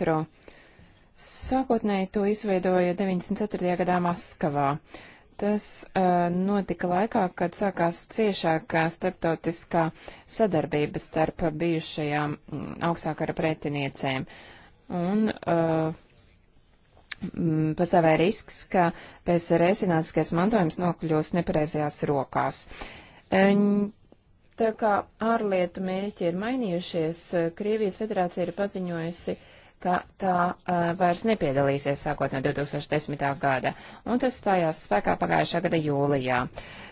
metro. Sākotnēji to izveidoja 94. gadā Maskavā. Tas uh, notika laikā, kad sākās ciešākā starptautiskā sadarbība starp bijušajām m, mm, augstākara pretiniecēm. Un uh, m, mm, pastāvēja risks, ka PSRS zinātniskais mantojums nokļūs nepareizajās rokās. Uh, tā kā ārlietu mērķi ir mainījušies, Krievijas federācija ir paziņojusi uh, ka tā uh, vairs nepiedalīsies sākot no 2010. gada, un tas stājās spēkā pagājušā gada jūlijā.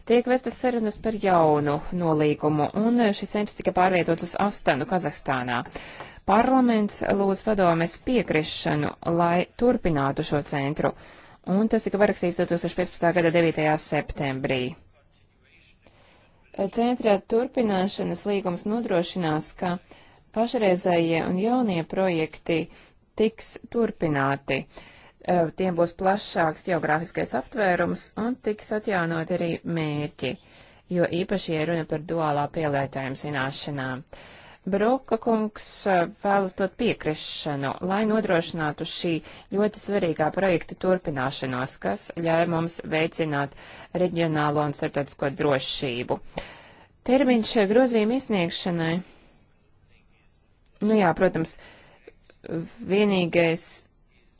Tiek vestas sarunas par jaunu nolīgumu, un šis centrs tika pārvietots uz Astanu, Kazahstānā. Parlaments lūdz padomes piekrišanu, lai turpinātu šo centru, un tas tika parakstīts 2015. gada 9. septembrī. Centra turpināšanas līgums nodrošinās, ka uh, pašreizējie un jaunie projekti tiks turpināti. E, tiem būs plašāks geogrāfiskais aptvērums un tiks atjaunot arī mērķi, jo īpaši ir runa par duālā pielietojuma zināšanām. Broka kungs e, vēlas dot piekrišanu, lai nodrošinātu šī ļoti svarīgā projekta turpināšanos, kas ļauj mums veicināt reģionālo un starptautisko drošību. Termiņš grozījuma izsniegšanai Nu jā, protams, vienīgais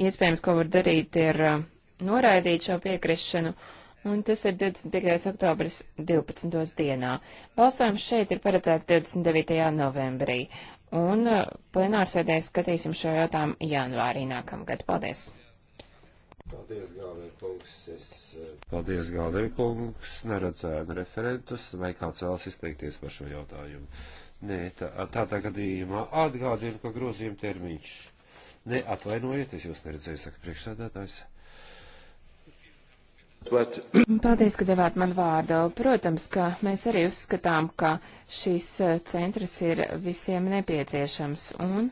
iespējams, ko var darīt, ir uh, noraidīt šo piekrišanu, un tas ir 25. oktobris 12. dienā. Balsojums šeit ir paredzēts 29. novembrī, un uh, plenārsēdē skatīsim šo jautājumu janvārī nākamgad. Paldies! Paldies, Gāvēr kungs. Es... Uh, Paldies, Gāvēr kungs. Neredzēju referentus, vai kāds vēlas izteikties par šo jautājumu. Nē, tā, tādā gadījumā atgādinu, ka grozījuma termiņš. Nē, atvainojiet, es jūs neredzēju, saka priekšsēdētājs. But... Paldies, ka devāt man vārdu. Protams, ka mēs arī uzskatām, ka šis eh, centrs ir visiem nepieciešams, un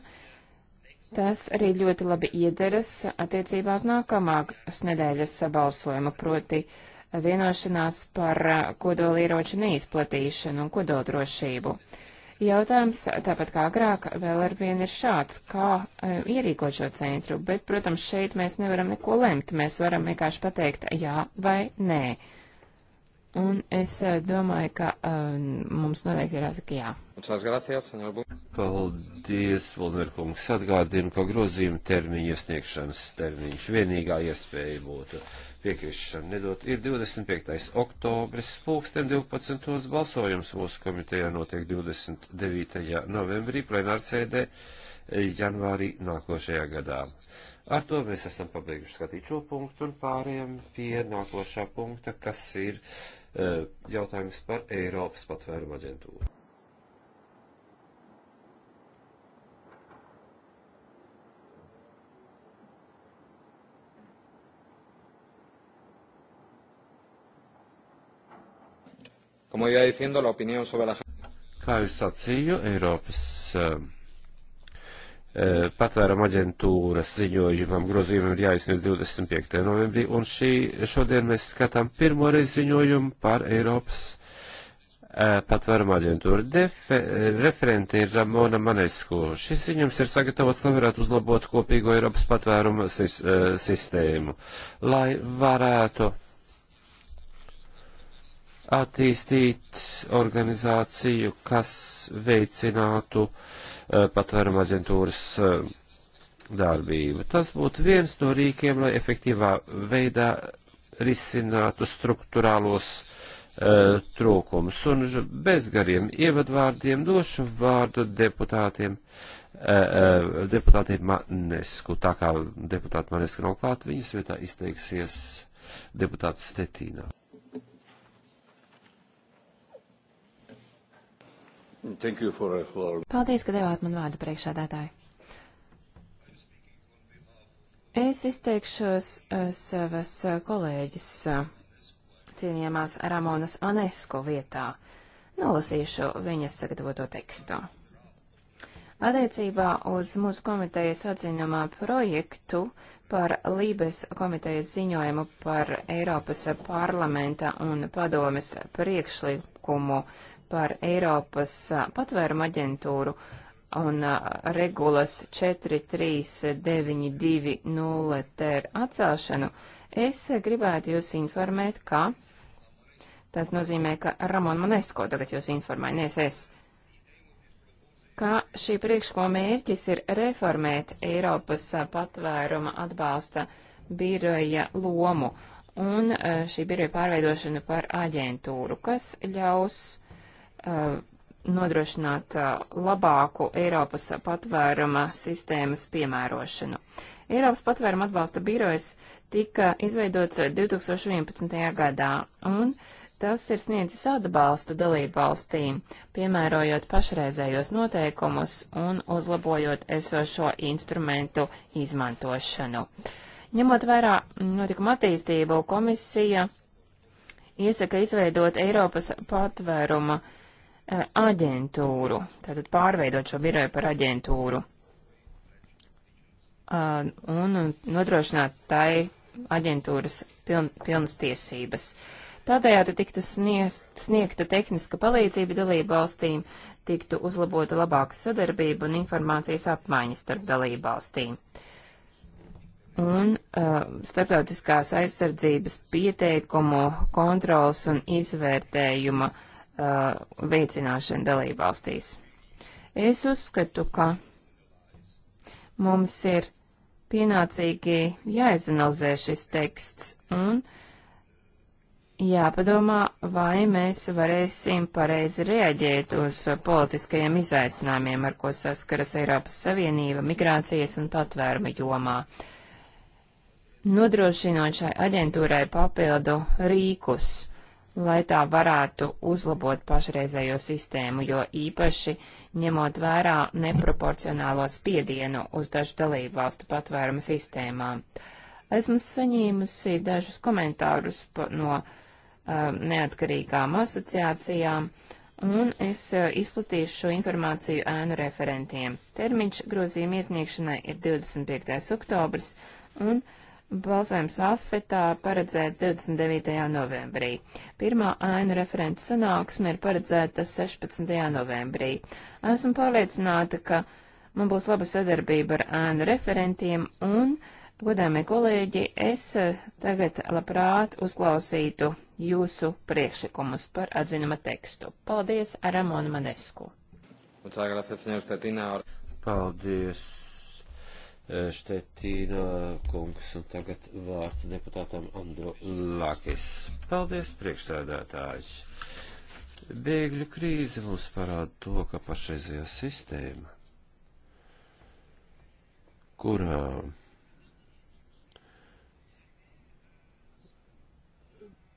tas arī ļoti labi iederas attiecībās nākamās nedēļas sabalsojuma, proti vienošanās par eh, kodolieroču neizplatīšanu un kodoldrošību. drošību. Jautājums, tāpat kā agrāk, vēl ar vienu ir šāds, kā um, ierīkot šo centru, bet, protams, šeit mēs nevaram neko lemt, mēs varam vienkārši pateikt jā vai nē. Un es uh, domāju, ka um, mums noteikti ir jāsaka jā. Paldies, Volmerkungs. Atgādinu, ka grozījuma termiņa iesniegšanas termiņš vienīgā iespēja būtu piekrišana nedot ir 25. oktobris, pulksten 12. balsojums mūsu komitejā notiek 29. novembrī plenārsēdē eh, janvārī nākošajā gadā. Ar to mēs esam pabeiguši skatīt šo punktu un pārējām pie nākošā punkta, kas ir eh, jautājums par Eiropas patvērumu aģentūru. Kā jau sacīju, Eiropas uh, eh, eh, patvērama aģentūras ziņojumam grozījumam ir jāizsniedz 25. novembrī, un šī, šodien mēs skatām pirmo reizi ziņojumu par Eiropas uh, eh, patvērama aģentūru. Defe, referente ir Ramona Manesko. Šis ziņums ir sagatavots, lai varētu uzlabot kopīgo Eiropas patvēruma sis, uh, sistēmu, lai varētu attīstīt organizāciju, kas veicinātu uh, patvērumu aģentūras uh, darbību. Tas būtu viens no rīkiem, lai efektīvā veidā risinātu struktūrālos uh, trūkumus. Un bez gariem ievadvārdiem došu vārdu deputātiem. Deputātiem Manesku, tā kā deputāti Manesku nav klāt, viņas vietā izteiksies deputāts Stetīnā. Paldies, ka devāt man vārdu priekšādātāji. Es izteikšos eh, savas eh, kolēģis eh, cienījamās Ramonas Anesko vietā. Nolasīšu viņas sagatavoto tekstu. Attiecībā uz mūsu komitejas atzinumā projektu par Lībes komitejas ziņojumu par Eiropas parlamenta un padomes priekšlikumu par Eiropas patvērumu aģentūru un regulas 43920 ter atcelšanu, es gribētu jūs informēt, ka tas nozīmē, ka Ramon Manesko tagad jūs informē, nes es, ka šī priekšlikuma mērķis ir reformēt Eiropas patvēruma atbalsta biroja lomu un šī biroja pārveidošanu par aģentūru, kas ļaus Uh, nodrošināt uh, labāku Eiropas patvēruma sistēmas piemērošanu. Eiropas patvēruma atbalsta birojas tika izveidots 2011. gadā, un tas ir sniedzis atbalstu dalību valstīm, piemērojot pašreizējos noteikumus un uzlabojot esošo instrumentu izmantošanu. Ņemot vērā notikuma attīstību, komisija iesaka izveidot Eiropas patvēruma uh, Eh, aģentūru, tātad pārveidot šo biroju par aģentūru eh, un nodrošināt tai aģentūras piln, pilnas tiesības. Tādējādi tiktu sniest, sniegta tehniska palīdzība dalību valstīm, tiktu uzlabota labāka sadarbība un informācijas apmaiņas starp dalību valstīm. Un uh, starptautiskās aizsardzības pieteikumu, kontrols un izvērtējuma uh, uh, veicināšana dalībvalstīs. Es uzskatu, ka mums ir pienācīgi jāizanalizē šis teksts un jāpadomā, vai mēs varēsim pareizi reaģēt uz politiskajiem izaicinājumiem, ar ko saskaras Eiropas Savienība migrācijas un patvērma jomā, nodrošinot šai aģentūrai papildu rīkus lai tā varētu uzlabot pašreizējo sistēmu, jo īpaši ņemot vērā neproporcionālo spiedienu uz dažu dalību valstu patvērumu sistēmām. Esmu saņēmusi dažus komentārus no um, neatkarīgām asociācijām, un es uh, izplatīšu šo informāciju ēnu referentiem. Termiņš grozījuma iesniegšanai ir 25. oktobrs, un uh, Balsojums afetā paredzēts 29. novembrī. Pirmā ainu referentu sanāksme ir paredzēta 16. novembrī. Esmu pārliecināta, ka man būs laba sadarbība ar ainu referentiem un, godāmie kolēģi, es eh, tagad labprāt uzklausītu jūsu priekšlikumus par atzinuma tekstu. Paldies Ramonu Manesku. Paldies Štetīna kungs un tagad vārds deputātam Andru Lakis. Paldies, priekšsēdētājs! Bēgļu krīze mums parāda to, ka pašreizējā sistēma, kurā uh,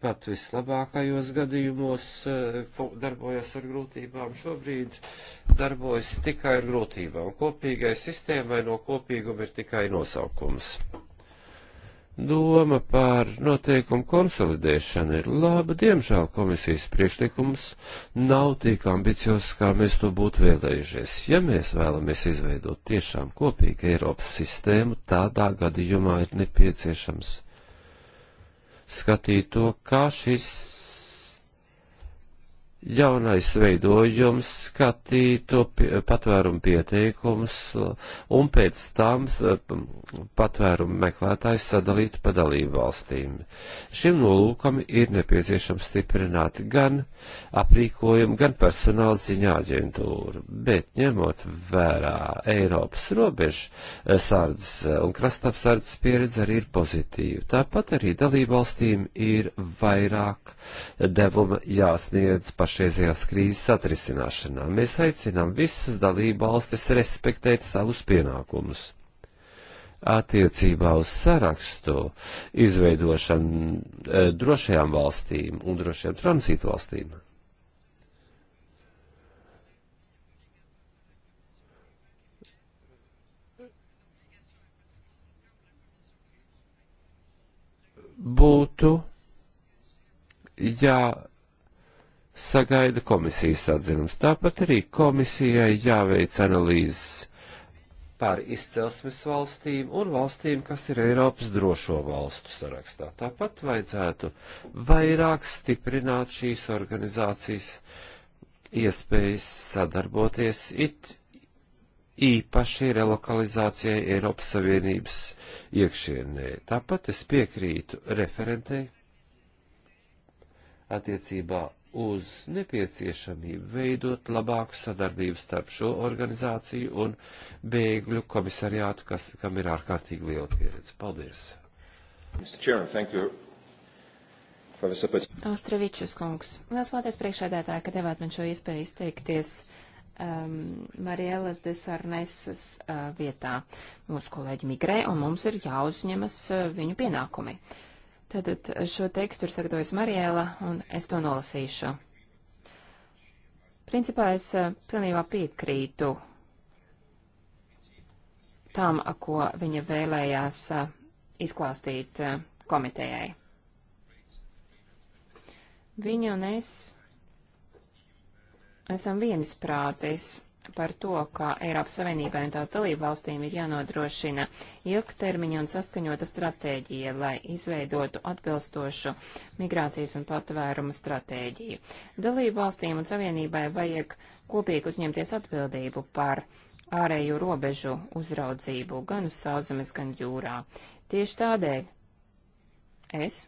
pat vislabākajos gadījumos eh, darbojas ar grūtībām, šobrīd darbojas tikai ar grūtībām. Kopīgai sistēmai no kopīguma ir tikai nosaukums. Doma par noteikumu konsolidēšanu ir laba, diemžēl komisijas priekšlikums nav tik ambiciozs, kā mēs to būtu vēlējušies. Ja mēs vēlamies izveidot tiešām kopīgu Eiropas sistēmu, tādā gadījumā ir nepieciešams skatīt to, kā šis jaunais veidojums skatītu patvērumu pieteikumus un pēc tam eh, patvērumu meklētājs sadalītu pa dalību valstīm. Šim nolūkam ir nepieciešams stiprināt gan aprīkojumu, gan personāla ziņā aģentūru, bet ņemot vērā Eiropas robežu eh, sardzes eh, un krastapsardzes pieredze arī ir pozitīva. Tāpat arī dalību valstīm ir vairāk devuma jāsniedz pašai pašreizējās krīzes atrisināšanā. Mēs aicinām visas dalību valstis respektēt savus pienākumus. Attiecībā uz sarakstu izveidošanu eh, drošajām valstīm un drošajām tranzītu valstīm. Būtu jā, sagaida komisijas atzinums. Tāpat arī komisijai jāveic analīzes par izcelsmes valstīm un valstīm, kas ir Eiropas drošo valstu sarakstā. Tāpat vajadzētu vairāk stiprināt šīs organizācijas iespējas sadarboties it īpaši relokalizācijai Eiropas Savienības iekšienē. Tāpat es piekrītu referentei attiecībā uz nepieciešamību veidot labāku sadarbību starp šo organizāciju un bēgļu komisariātu, kas, kam ir ārkārtīgi liela pieredze. Paldies! Austrevičus kungs, liels paldies priekšēdētāji, ka devāt man šo iespēju izteikties um, Marielas Desarneses uh, vietā. Mūsu kolēģi migrē un mums ir jāuzņemas uh, viņu pienākumi. Uh, Tātad šo tekstu ir sagatavojis Mariela, un es to nolasīšu. Principā es eh, pilnībā piekrītu tam, ko viņa vēlējās eh, izklāstīt eh, komitejai. Viņa un es esam vienisprātis par to, ka Eiropas Savienībai un tās dalību valstīm ir jānodrošina ilgtermiņa un saskaņota stratēģija, lai izveidotu atbilstošu migrācijas un patvērumu stratēģiju. Dalību valstīm un Savienībai vajag kopīgi uzņemties atbildību par ārēju robežu uzraudzību gan uz sauszemes, gan jūrā. Tieši tādēļ es,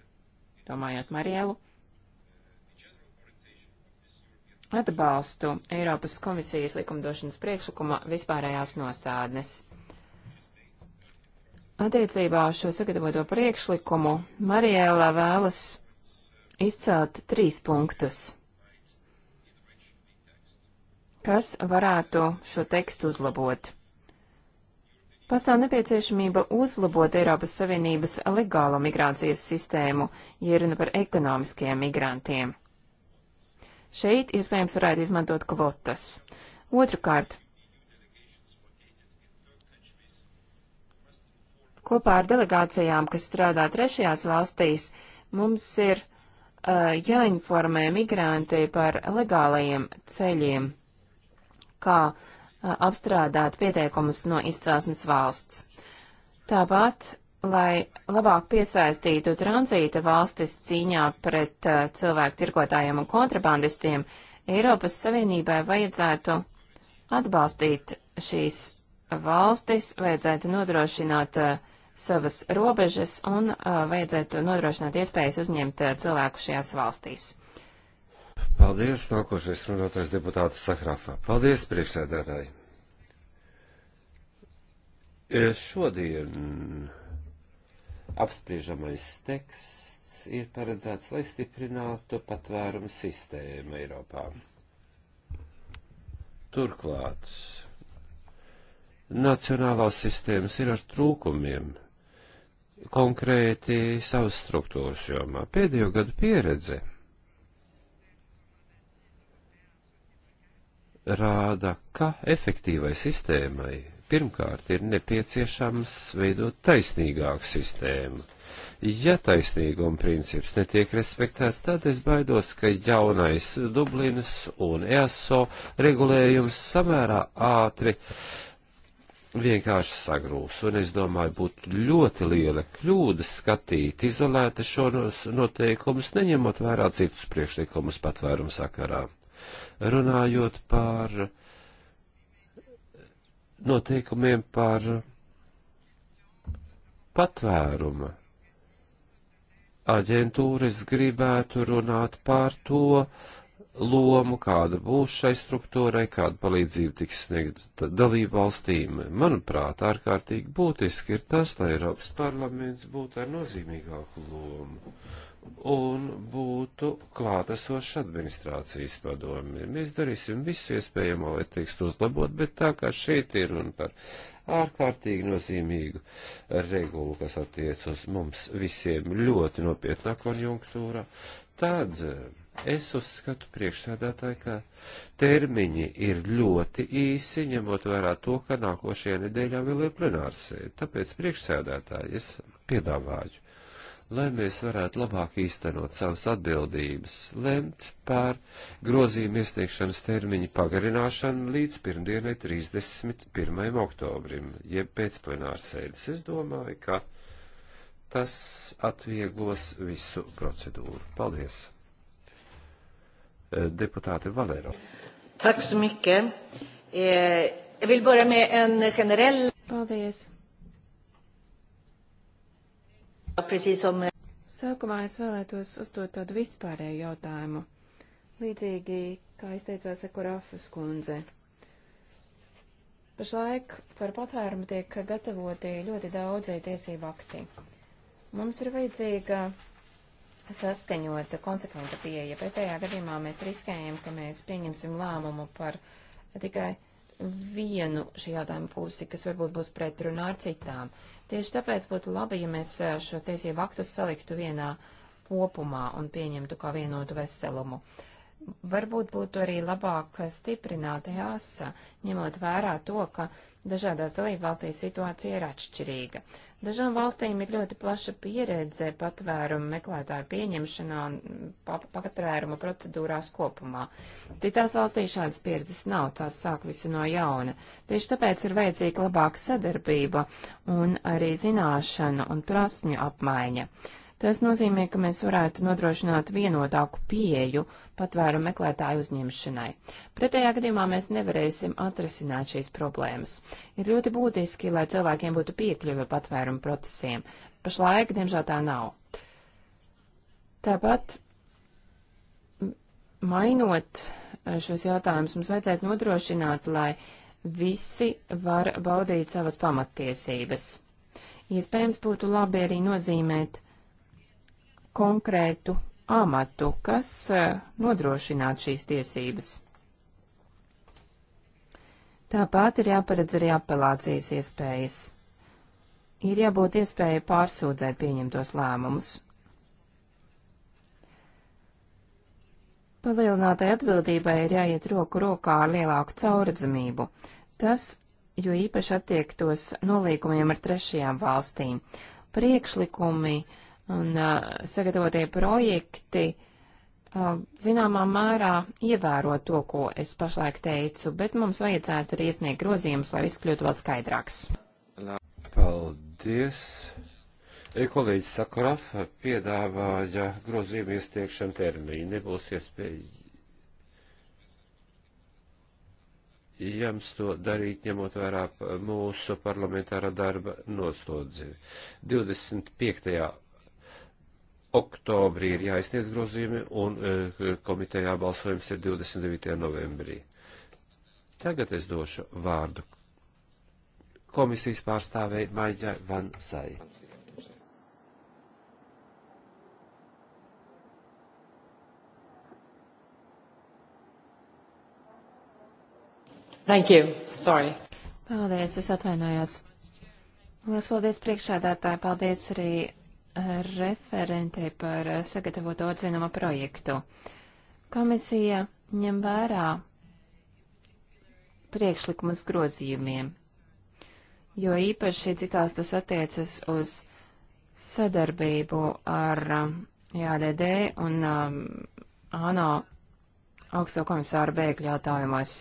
domājot Marielu, atbalstu Eiropas komisijas likumdošanas priekšlikuma vispārējās nostādnes. Attiecībā uz šo sagatavoto priekšlikumu Mariela vēlas izcelt trīs punktus, kas varētu šo tekstu uzlabot. Pastāv nepieciešamība uzlabot Eiropas Savienības legālo migrācijas sistēmu, ja runa par ekonomiskiem migrantiem. Šeit iespējams varētu izmantot kvotas. Otrakārt, kopā ar delegācijām, kas strādā trešajās valstīs, mums ir uh, jāinformē migranti par legālajiem ceļiem, kā uh, apstrādāt pieteikumus no izcelsmes valsts. Tāpat lai labāk piesaistītu tranzīta valstis cīņā pret uh, cilvēku tirgotājiem un kontrabandistiem, Eiropas Savienībai vajadzētu atbalstīt šīs valstis, vajadzētu nodrošināt uh, savas robežas un uh, vajadzētu nodrošināt iespējas uzņemt uh, cilvēku šajās valstīs. Paldies, nākošais runātais deputāts Sahrafā. Paldies, priekšsēdētāji. E, šodien Apspriežamais teksts ir paredzēts, lai stiprinātu patvērumu sistēmu Eiropā. Turklāt, nacionālās sistēmas ir ar trūkumiem, konkrēti savas struktūras jomā. Pēdējo gadu pieredze rāda, ka efektīvai sistēmai Pirmkārt, ir nepieciešams veidot taisnīgāku sistēmu. Ja taisnīguma princips netiek respektēts, tad es baidos, ka jaunais Dublinas un ESO regulējums samērā ātri vienkārši sagrūs, un es domāju, būtu ļoti liela kļūda skatīt izolēti šo noteikumus, neņemot vērā citus priekšlikumus patvērumu sakarā. Runājot par uh, noteikumiem par patvērumu. Aģentūras gribētu runāt par to lomu, kāda būs šai struktūrai, kāda palīdzība tiks sniegta dalību valstīm. Manuprāt, ārkārtīgi būtiski ir tas, lai Eiropas parlaments būtu ar nozīmīgāku lomu un būtu klātesoša administrācijas padomi. Mēs darīsim visu iespējamo, lai tekstu uzlabot, bet tā kā šeit ir un par ārkārtīgi nozīmīgu regulu, kas attiec uz mums visiem ļoti nopietnā konjunktūra, tad eh, es uzskatu priekšsēdētāji, ka termiņi ir ļoti īsi, ņemot vērā to, ka nākošajā nedēļā vēl ir plenārsē. Tāpēc priekšsēdētāji es piedāvāju lai mēs varētu labāk īstenot savas atbildības, lemt par grozījumu iesniegšanas termiņu pagarināšanu līdz pirmdienai 31. oktobrim, jeb pēc plenārsēdes. Es domāju, ka tas atvieglos visu procedūru. Paldies! Eh, deputāte Valero. Tack så mycket. Eh, jag vill börja med en generell... Paldies. Sākumā es vēlētos uzdot tādu vispārēju jautājumu. Līdzīgi, kā izteicās Ekurafas kundze. Pašlaik par patvērumu tiek gatavoti ļoti daudzie tiesību akti. Mums ir vajadzīga saskaņota, konsekventa pieeja. Pretējā gadījumā mēs riskējam, ka mēs pieņemsim lēmumu par tikai vienu šī jautājuma pusi, kas varbūt būs pretrunā ar citām. Uh, Tieši tāpēc būtu labi, ja mēs eh, šos tiesību aktus saliktu vienā kopumā un pieņemtu kā vienotu veselumu. Uh, Varbūt būtu arī labāk stiprināt jāsa, ņemot vērā to, ka dažādās dalībvalstīs situācija ir atšķirīga. Dažām valstīm ir ļoti plaša pieredze patvērumu meklētāju pieņemšanā un patvērumu procedūrās kopumā. Citās valstīs šādas pieredzes nav, tās sāk visu no jauna. Tieši tāpēc ir vajadzīga labāka sadarbība un arī zināšana un prasmju apmaiņa. Tas nozīmē, ka mēs varētu nodrošināt vienotāku pieeju patvēru meklētāju uzņemšanai. Pretējā gadījumā mēs nevarēsim atrasināt šīs problēmas. Ir ļoti būtiski, lai cilvēkiem būtu piekļuve patvērumu procesiem. Pašlaik, diemžēl, tā nav. Tāpat, mainot šos jautājumus, mums vajadzētu nodrošināt, lai visi var baudīt savas pamattiesības. Iespējams, būtu labi arī nozīmēt, konkrētu amatu, kas eh, nodrošinātu šīs tiesības. Tāpat ir jāparedz arī apelācijas iespējas. Ir jābūt iespēja pārsūdzēt pieņemtos lēmumus. Palielinātai atbildībai ir jāiet roku rokā ar lielāku caurredzamību. Tas, jo īpaši attiektos nolīkumiem ar trešajām valstīm. Priekšlikumi uh, un uh, sagatavotie projekti uh, zināmā mērā ievēro to, ko es pašlaik teicu, bet mums vajadzētu arī iesniegt grozījumus, lai viss kļūtu vēl skaidrāks. Paldies! E, kolēģis Sakuraf piedāvāja grozījumu iestiekšanu termiņu. Nebūs iespējams to darīt, ņemot vērā mūsu parlamentārā darba noslodzi. 25 oktobrī ir jāizsniedz grozījumi un eh, komitejā balsojums ir 29. novembrī. Tagad es došu vārdu komisijas pārstāvēja Maģa Vansai. Thank you. Sorry. Paldies, es atvainojos. Lielas paldies priekšādātāji, paldies arī referentei par eh, sagatavotu atzinuma projektu. Komisija ņem vērā priekšlikumus grozījumiem, jo īpaši cik tās tas attiecas uz sadarbību ar JADD eh, un um, ANO augsto komisāru bēgļu jautājumos.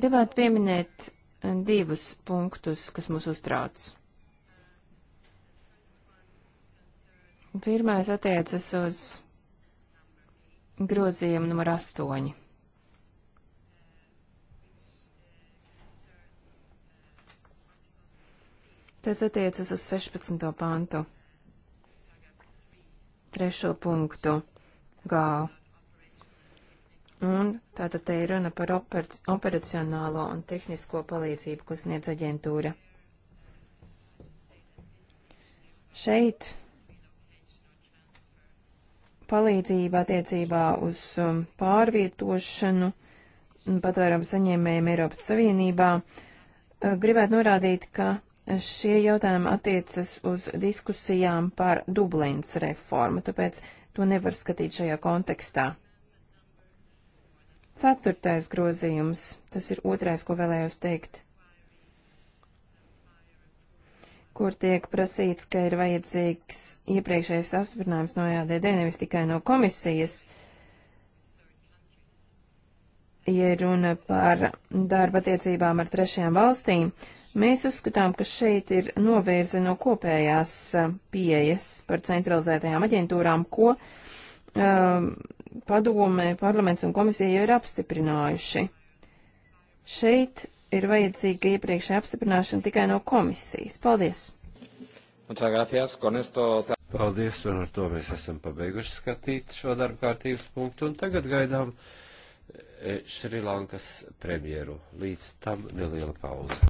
Gribētu pieminēt eh, divus punktus, kas mūs uztrauc. Pirmais attiecas uz grozījumu numur 8. Tas attiecas uz 16. pantu, trešo punktu G. Un tātad te ir runa par oper operacionālo un tehnisko palīdzību, ko sniedz aģentūra. Šeit palīdzība attiecībā uz um, pārvietošanu patvērumu saņēmējiem Eiropas Savienībā. Uh, gribētu norādīt, ka šie jautājumi attiecas uz diskusijām par Dublīnas reformu, tāpēc to nevar skatīt šajā kontekstā. Ceturtais grozījums, tas ir otrais, ko vēlējos teikt. kur tiek prasīts, ka ir vajadzīgs iepriekšējais apstiprinājums no ADD, nevis tikai no komisijas, ja runa par darba attiecībām ar trešajām valstīm. Mēs uzskatām, ka šeit ir novērze no kopējās uh, pieejas par centralizētajām aģentūrām, ko um, padome, parlaments un komisija jau ir apstiprinājuši. Šeit ir vajadzīga iepriekšēja apstiprināšana tikai no komisijas. Paldies! Paldies, un ar to mēs esam pabeiguši skatīt šo darba kārtības punktu, un tagad gaidām eh, Šrilankas premjeru. Līdz tam neliela pauze.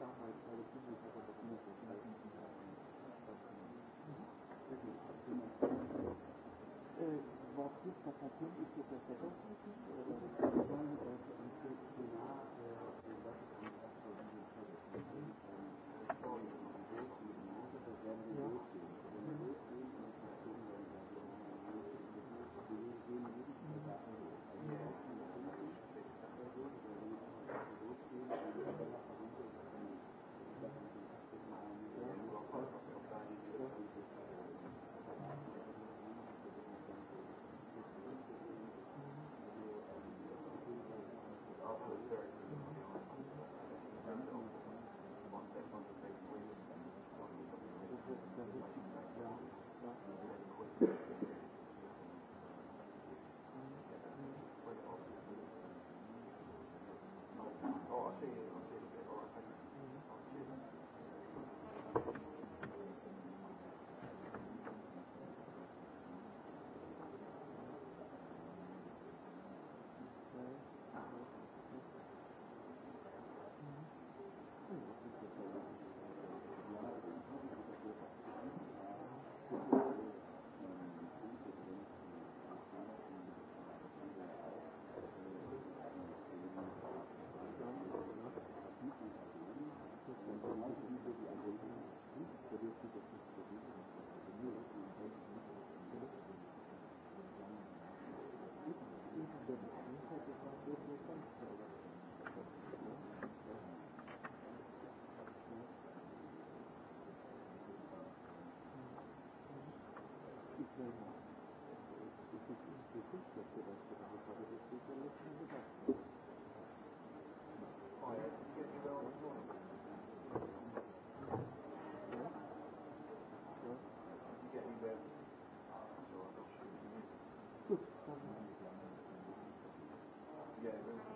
was gut verpacken ist, ist das Verkehrsmittel oder ist es dann ein Jahr, das ist ein Jahr, das ist ein Jahr, Yeah.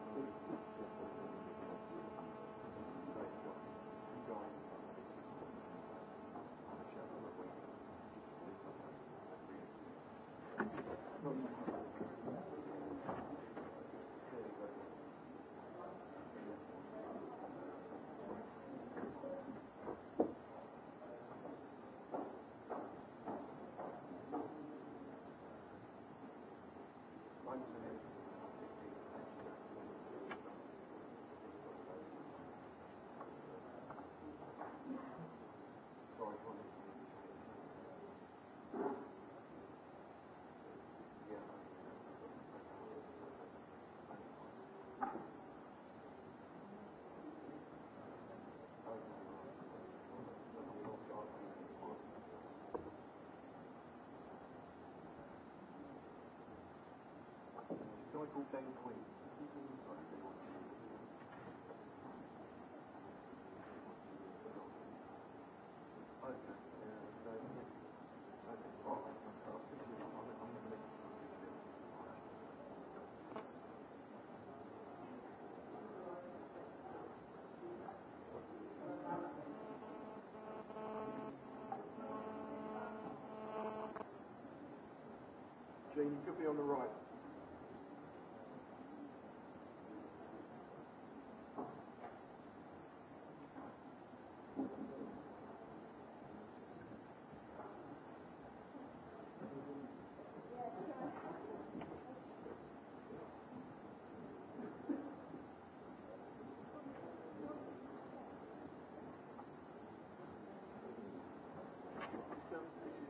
Michael Dave Queen. Jane, you could be on the right.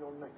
your next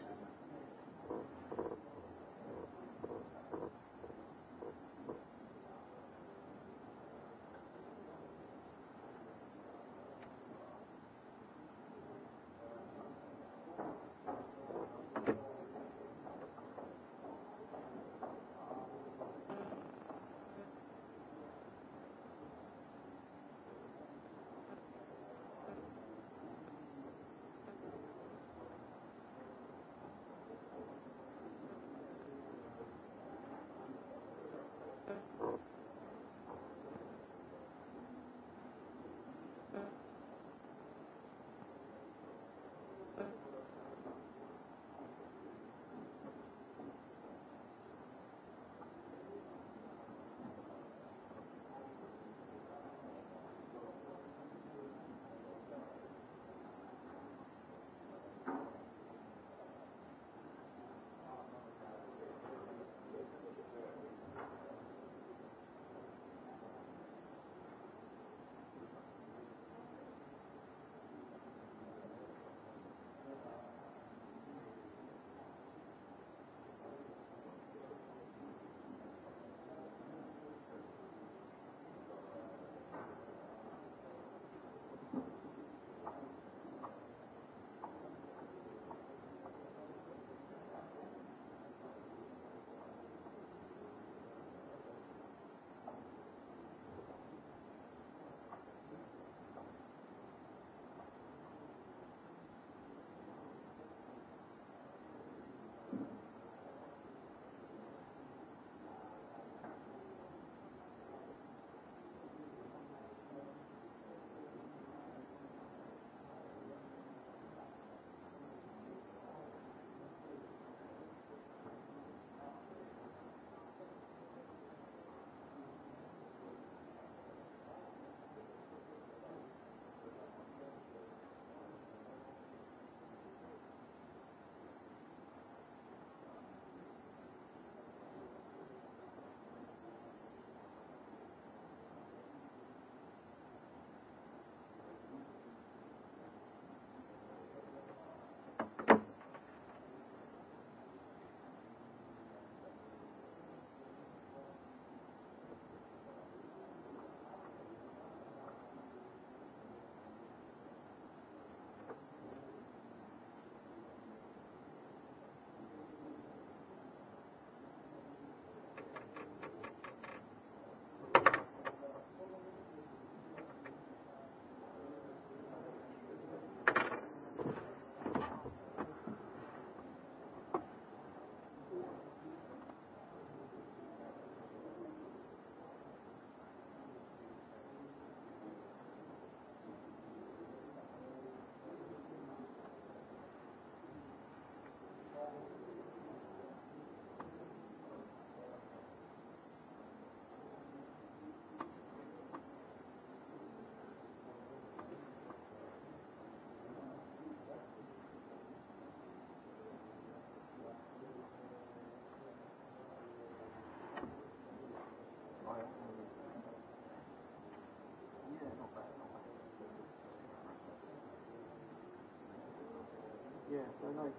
Yes, I know.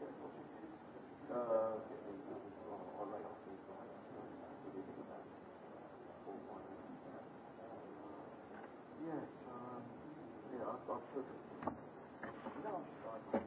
Uh, yes, um, yeah, I've, I've took it. No, I'm just driving.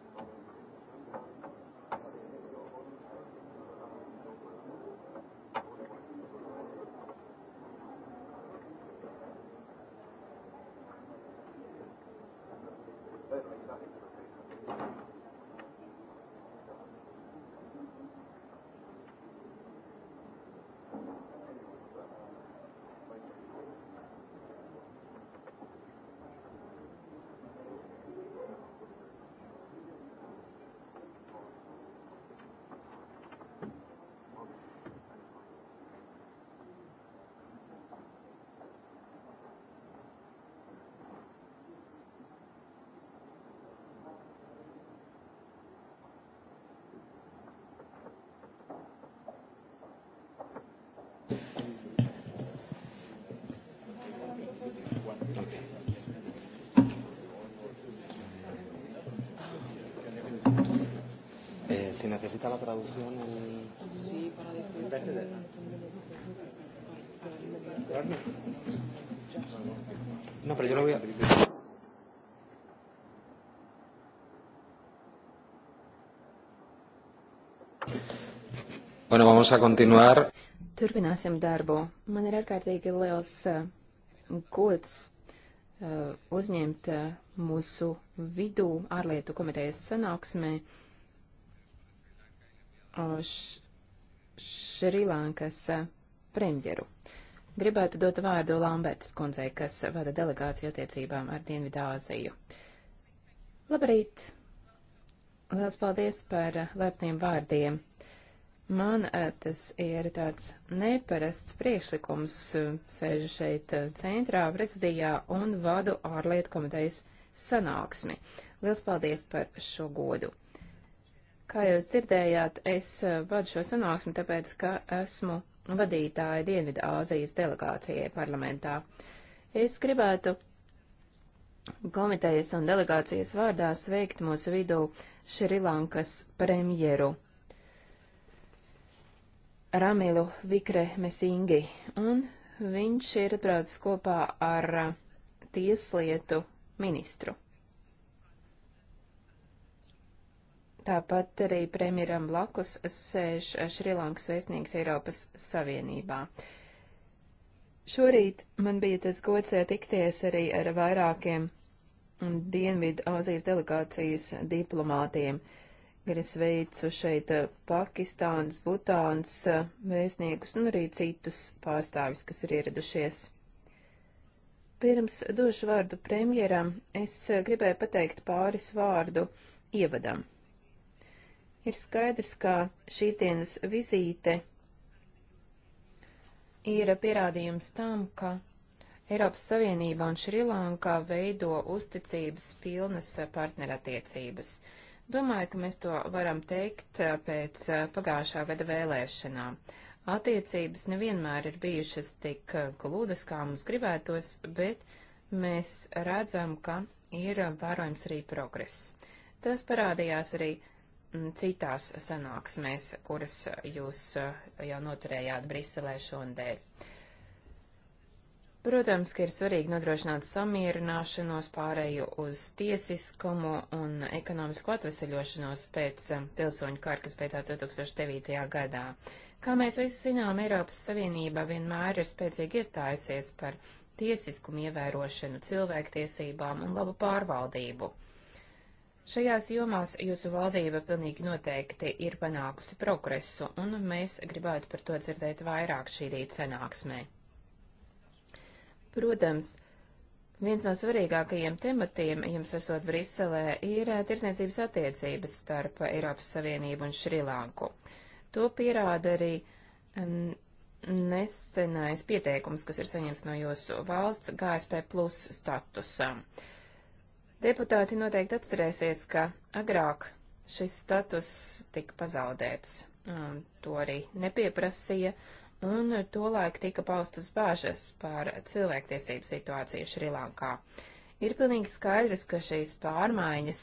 Eh, ¿Se necesita la traducción? El... Sí, para decir. No, pero yo lo voy a. Bueno, vamos a continuar. Turpināsim darbu. Man ir ārkārtīgi liels uh, gods uh, uzņemt uh, mūsu vidū ārlietu komitejas sanāksmē Šrilankas eh, premjeru. Gribētu dot vārdu Lambertas kundzei, kas vada delegāciju attiecībām ar Dienvidāziju. Labrīt! Lielas paldies par lepniem vārdiem! Man eh, tas ir tāds neparasts priekšlikums. Eh, sēžu šeit eh, centrā, prezidijā un vadu ārlietu komitejas sanāksmi. Liels paldies par šo godu! Kā jūs dzirdējāt, es vadu šo sanāksmi, tāpēc, ka esmu vadītāja Dienvidu Āzijas delegācijai parlamentā. Es gribētu komitejas un delegācijas vārdā sveikt mūsu vidū Šrilankas premjeru Ramilu Vikre Mesingi, un viņš ir atbraucis kopā ar uh, tieslietu ministru. Tāpat arī premjeram blakus sēž Šrilankas vēstnieks Eiropas Savienībā. Šorīt man bija tas gods eh, tikties arī ar vairākiem mm, Dienvidu Āzijas delegācijas diplomātiem. Uh, gan es veicu šeit eh, Pakistānas, Butānas eh, vēstniekus un arī citus pārstāvis, kas ir ieradušies. Pirms došu vārdu premjeram, es eh, gribēju pateikt pāris vārdu ievadam. Ir skaidrs, ka šīs dienas vizīte ir pierādījums tam, ka Eiropas Savienība un Šrilankā veido uzticības pilnas partnerattiecības. Uh, Domāju, ka mēs to varam teikt pēc pagājušā gada vēlēšanām. Attiecības nevienmēr ir bijušas tik glūdas, kā mums gribētos, bet mēs redzam, ka ir vērojams arī progress. Tas parādījās arī citās sanāksmēs, kuras jūs jau noturējāt Briselē šonadēļ. Protams, ka ir svarīgi nodrošināt samierināšanos pārēju uz tiesiskumu un ekonomisko atveseļošanos pēc um, pilsoņu kara, kas beidzās 2009. gadā. Kā mēs visi zinām, Eiropas Savienība vienmēr ir spēcīgi iestājusies par tiesiskumu ievērošanu, cilvēktiesībām un labu pārvaldību. Šajās jomās jūsu valdība pilnīgi noteikti ir panākusi progresu, un mēs gribētu par to dzirdēt vairāk šī rīta sanāksmē. Protams, viens no svarīgākajiem tematiem jums esot Briselē ir eh, tirsniecības attiecības starp Eiropas Savienību un Šrilanku. To pierāda arī nesenais pieteikums, kas ir saņemts no jūsu valsts GSP plus statusam. Deputāti noteikti atcerēsies, ka agrāk šis status tika pazaudēts. To arī nepieprasīja, un tolaik tika paustas bāžas par cilvēktiesību situāciju Šrilankā. Ir pilnīgi skaidrs, ka šīs pārmaiņas,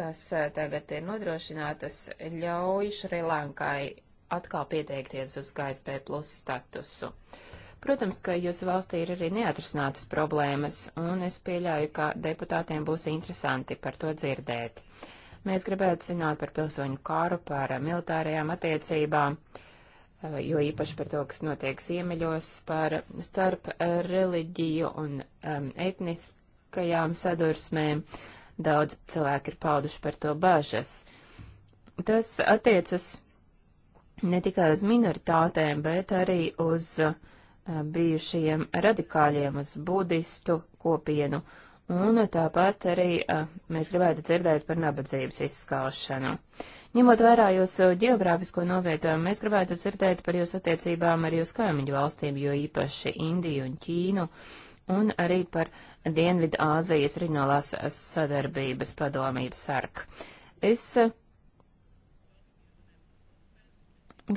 kas eh, tagad ir nodrošinātas, ļauj Šrilankai atkal pieteikties uz GSP plus statusu. Protams, ka jūsu valstī ir arī neatrisinātas problēmas, un es pieļauju, ka deputātiem būs interesanti par to dzirdēt. Mēs gribētu zināt par pilsoņu kāru, par militārajām attiecībām. Uh, Eh, jo īpaši par to, kas notiek ziemeļos, par starp reliģiju un um, etniskajām sadursmēm. Daudz cilvēki ir pauduši par to bažas. Tas attiecas ne tikai uz minoritātēm, bet arī uz uh, bijušajiem radikāļiem, uz budistu kopienu, un tāpat arī uh, mēs gribētu dzirdēt par nabadzības izskaušanu. Uh, Ņemot vērā jūsu geogrāfisko novietojumu, mēs gribētu dzirdēt par jūsu attiecībām ar jūsu kaimiņu valstīm, jo īpaši Indiju un Ķīnu, un arī par Dienvidu Āzijas reģionālās sadarbības padomību sark. Es eh,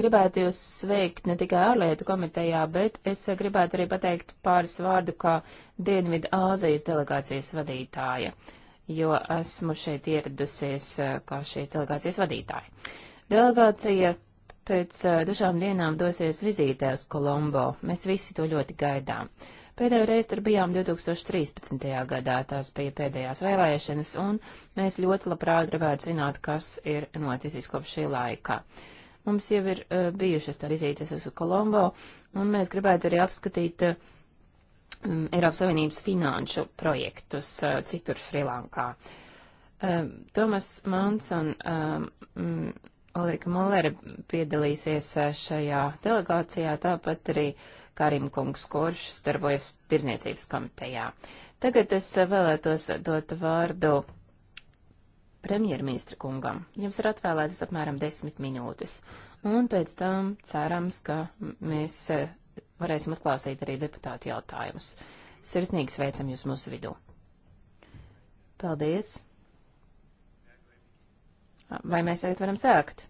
gribētu jūs sveikt ne tikai ārlietu komitejā, bet es eh, gribētu arī pateikt pāris vārdu kā Dienvidu Āzijas delegācijas vadītāja. Uh, jo esmu šeit ieradusies eh, kā šīs delegācijas vadītāja. Delegācija pēc eh, dažām dienām dosies vizītē uz Kolombo. Mēs visi to ļoti gaidām. Pēdējo reizi tur bijām 2013. gadā, tās bija pēdējās vēlēšanas, un mēs ļoti labprāt gribētu zināt, kas ir noticis kopš šī laika. Mums jau ir uh, bijušas tā vizītes uz Kolombo, un mēs gribētu arī apskatīt uh, Mm, Eiropas Savienības finanšu projektus uh, citur Šrilankā. Um, Tomas Mans un um, mm, Ulrika Mullere piedalīsies uh, šajā delegācijā, tāpat arī Karim Kungs, kurš darbojas tirzniecības komitejā. Tagad es uh, vēlētos dot vārdu premjerministra kungam. Jums ir atvēlētas apmēram desmit minūtes, un pēc tam cerams, ka mēs varēsim uzklāsīt arī deputātu jautājumus. Sirsnīgi sveicam jūs mūsu vidū. Paldies! Vai mēs tagad varam sākt?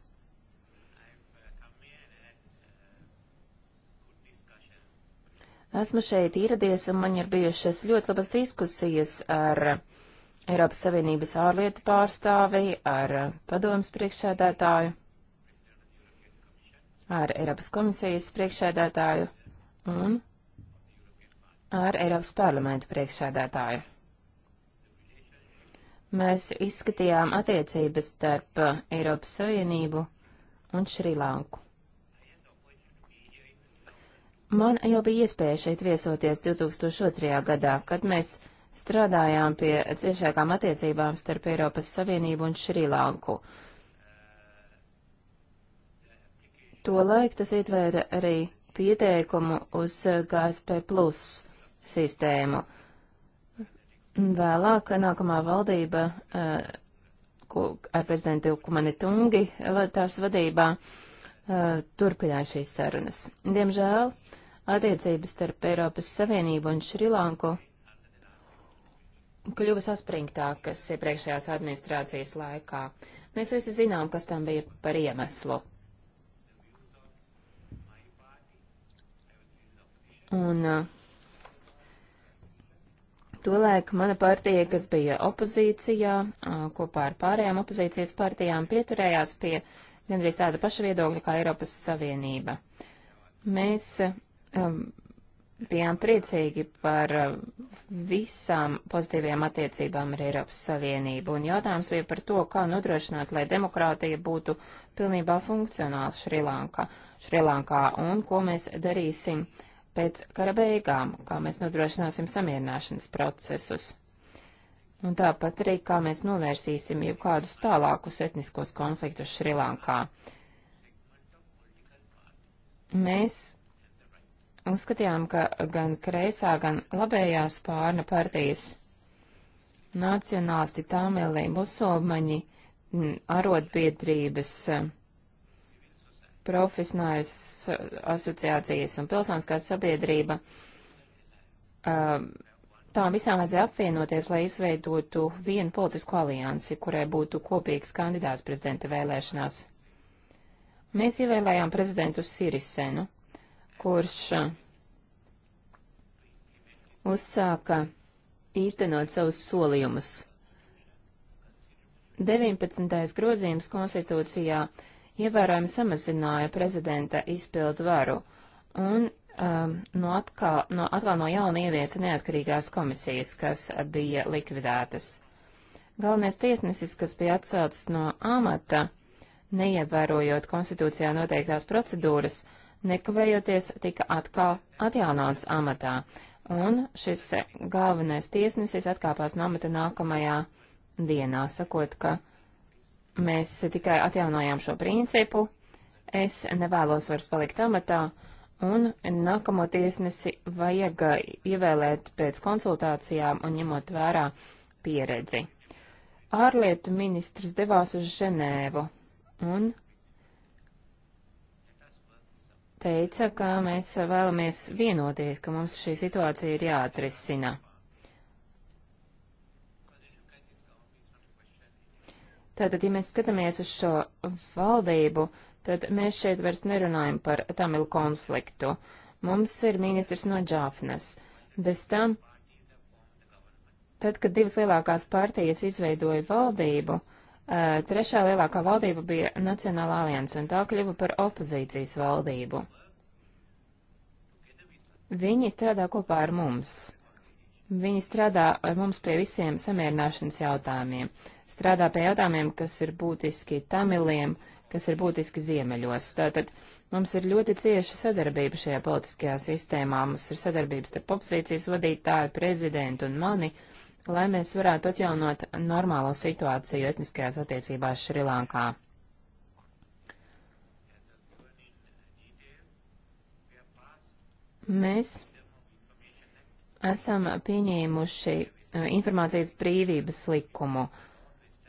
Esmu šeit ieradies, un man ir bijušas ļoti labas diskusijas ar Eiropas Savienības ārlietu pārstāvi, ar padomus priekšsēdētāju, ar Eiropas komisijas priekšsēdētāju un ar Eiropas parlamenta priekšsēdētāju. Mēs izskatījām attiecības starp Eiropas Savienību un Šrilanku. Man jau bija iespēja šeit viesoties 2002. gadā, kad mēs strādājām pie ciešākām attiecībām starp Eiropas Savienību un Šrilanku. Tolaik tas ietvēra arī pieteikumu uz eh, GSP plus sistēmu. Vēlāk nākamā valdība eh, ko, ar prezidentu Kumani Tungi eh, tās vadībā turpināja šīs sarunas. Diemžēl attiecības starp Eiropas Savienību un Šrilanku kļuva saspringtākas iepriekšējās administrācijas laikā. Mēs visi zinām, kas tam bija par iemeslu. Un tolaik mana partija, kas bija opozīcijā, kopā ar pārējām opozīcijas partijām, pieturējās pie gandrīz tāda paša viedokļa kā Eiropas Savienība. Mēs um, bijām priecīgi par visām pozitīvajām attiecībām ar Eiropas Savienību, un jautājums bija par to, kā nodrošināt, lai demokrātija būtu pilnībā funkcionāla Šrilankā, Šrilankā un ko mēs darīsim uh, pēc kara beigām, kā mēs nodrošināsim samierināšanas procesus. Un tāpat arī, kā mēs novērsīsim jau kādus tālākus etniskos konfliktus Šrilankā. Mēs uzskatījām, ka gan kreisā, gan labējā spārna partijas nacionālisti, tamili, musulmaņi, arotbiedrības, profesionāļas uh, asociācijas un pilsoniskā sabiedrība. Um, tām visām vajadzēja apvienoties, lai izveidotu vienu politisku aliansi, kurai būtu kopīgs kandidāts prezidenta vēlēšanās. Mēs ievēlējām prezidentu Sirisenu, kurš uh, uzsāka īstenot savus solījumus. 19. grozījums konstitūcijā uh, ievērojami samazināja prezidenta izpildu varu un um, no atkal, no, atkal no jauna ieviesa neatkarīgās komisijas, kas bija likvidētas. Galvenais tiesnesis, kas bija atcelts no amata, neievērojot konstitūcijā noteiktās procedūras, nekavējoties tika atkal atjaunots amatā, un šis galvenais tiesnesis atkāpās no amata nākamajā dienā, sakot, ka Mēs tikai atjaunojām šo principu. Es nevēlos vairs palikt amatā, un nākamo tiesnesi vajag uh, ievēlēt pēc konsultācijām un ņemot vērā pieredzi. Ārlietu ministrs devās uz Ženēvu un teica, ka mēs vēlamies vienoties, ka mums šī situācija ir jāatrisina. Tātad, ja mēs skatāmies uz šo valdību, tad mēs šeit vairs nerunājam par Tamilu konfliktu. Mums ir ministrs no Džāfnas. Bez tam, tad, kad divas lielākās partijas izveidoja valdību, trešā lielākā valdība bija Nacionāla alianse, un tā kļuva par opozīcijas valdību. Viņi strādā kopā ar mums. Viņi strādā ar mums pie visiem samierināšanas jautājumiem strādā pie jautājumiem, kas ir būtiski tamiliem, kas ir būtiski ziemeļos. Tātad mums ir ļoti cieša sadarbība šajā politiskajā sistēmā, mums ir sadarbības starp opozīcijas vadītāju, prezidentu un mani, lai mēs varētu atjaunot normālo situāciju etniskajās attiecībās Šrilankā. Mēs esam pieņēmuši eh, informācijas brīvības likumu. Uh,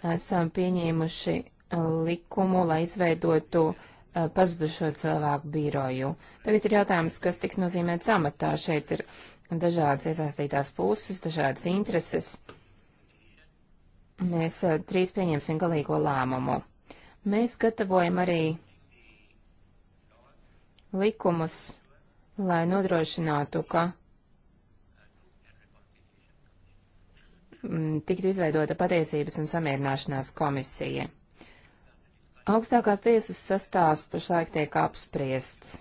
esam pieņēmuši uh, likumu, lai izveidotu uh, pazudušo cilvēku biroju. Tagad ir jautājums, kas tiks nozīmēts amatā. Šeit ir dažādas iesaistītās puses, dažādas intereses. Mēs uh, trīs pieņemsim galīgo lēmumu. Mēs gatavojam arī likumus, lai nodrošinātu, ka Mm, tiktu izveidota patiesības un samierināšanās komisija. Augstākās tiesas sastāvs pašlaik tiek apspriests,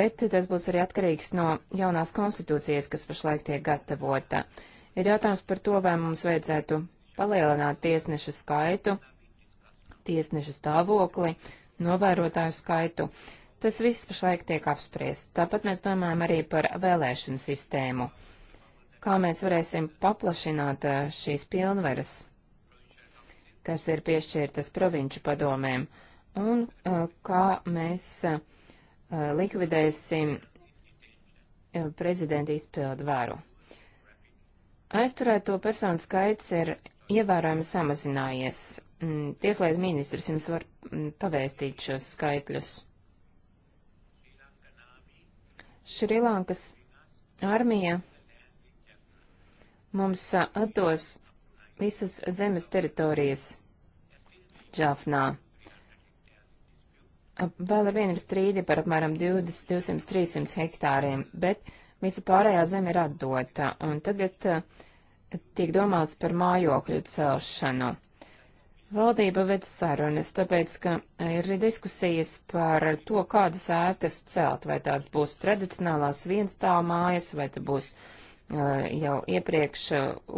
bet tas būs arī atkarīgs no jaunās konstitūcijas, kas pašlaik tiek gatavota. Ir jautājums par to, vai mums vajadzētu palielināt tiesnešu skaitu, tiesnešu stāvokli, novērotāju skaitu. Tas viss pašlaik tiek apspriests. Tāpat mēs domājam arī par vēlēšanu sistēmu. Uh, kā mēs varēsim paplašināt eh, šīs pilnvaras, kas ir piešķirtas provinču padomēm, un eh, kā mēs eh, likvidēsim prezidenta izpildu varu. Aizturēto personu skaits ir ievērojami samazinājies. Mm, tieslietu ministrs jums var mm, pavēstīt šos skaitļus. Šrilankas armija mums atdos visas zemes teritorijas Džafnā. Vēl ar vienu ir strīdi par apmēram 200-300 hektāriem, bet visa pārējā zeme ir atdota, un tagad uh, tiek domāts par mājokļu celšanu. Valdība ved sarunas, tāpēc, ka ir diskusijas par to, kādas ēkas celt, vai tās būs tradicionālās vienstāv mājas, vai te būs uh, jau iepriekš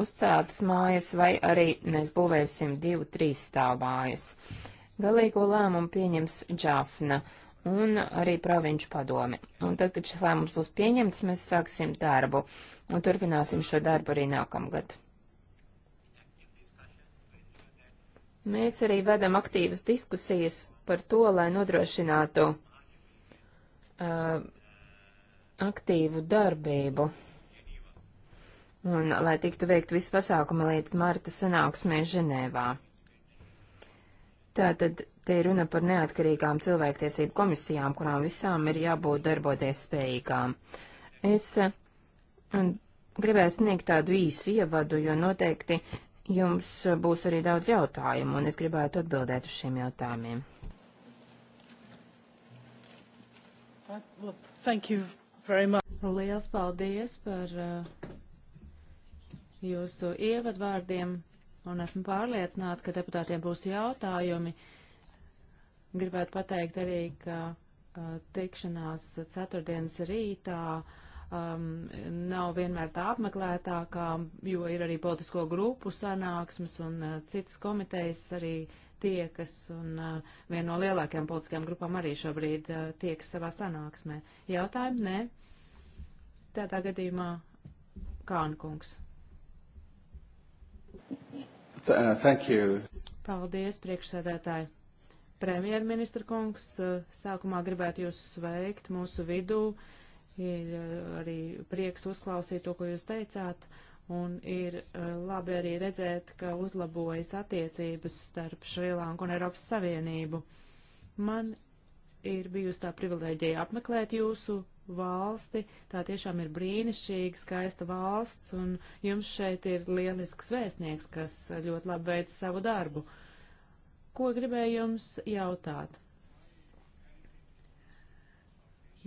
uzceltas mājas, vai arī mēs būvēsim divu, trīs stāvājas. Galīgo lēmumu pieņems Džafna un arī provinču padome. Un tad, kad šis lēmums būs pieņemts, mēs sāksim darbu un turpināsim šo darbu arī nākamgad. Mēs arī vedam aktīvas diskusijas par to, lai nodrošinātu uh, aktīvu darbību un lai tiktu veikt visi pasākumi līdz marta sanāksmē Ženēvā. Tātad te ir runa par neatkarīgām cilvēktiesību komisijām, kurām visām ir jābūt darboties spējīgām. Es gribēju sniegt tādu īsu ievadu, jo noteikti jums būs arī daudz jautājumu, un es gribētu atbildēt uz šiem jautājumiem. Liels paldies par uh, jūsu ievadvārdiem, un esmu pārliecināta, ka deputātiem būs jautājumi. Gribētu pateikt arī, ka uh, tikšanās ceturtdienas rītā um, nav vienmēr tā apmeklētākā, jo ir arī politisko grupu sanāksmes un uh, citas komitejas arī tiekas, un uh, viena no lielākajām politiskajām grupām arī šobrīd uh, tiekas savā sanāksmē. Jautājumi? Nē. Tādā gadījumā Kānkungs. Uh, thank you. Paldies, priekšsēdētāji. Premjerministra kungs, uh, sākumā gribētu jūs sveikt mūsu vidū. Ir uh, arī prieks uzklausīt to, ko jūs teicāt, un ir labi arī redzēt, ka uzlabojas attiecības starp Šrilanku un Eiropas Savienību. Man ir bijusi tā privilēģija apmeklēt jūsu valsti. Tā tiešām ir brīnišķīga, skaista valsts, un jums šeit ir lielisks vēstnieks, kas ļoti labi veic savu darbu. Ko gribēju jums jautāt?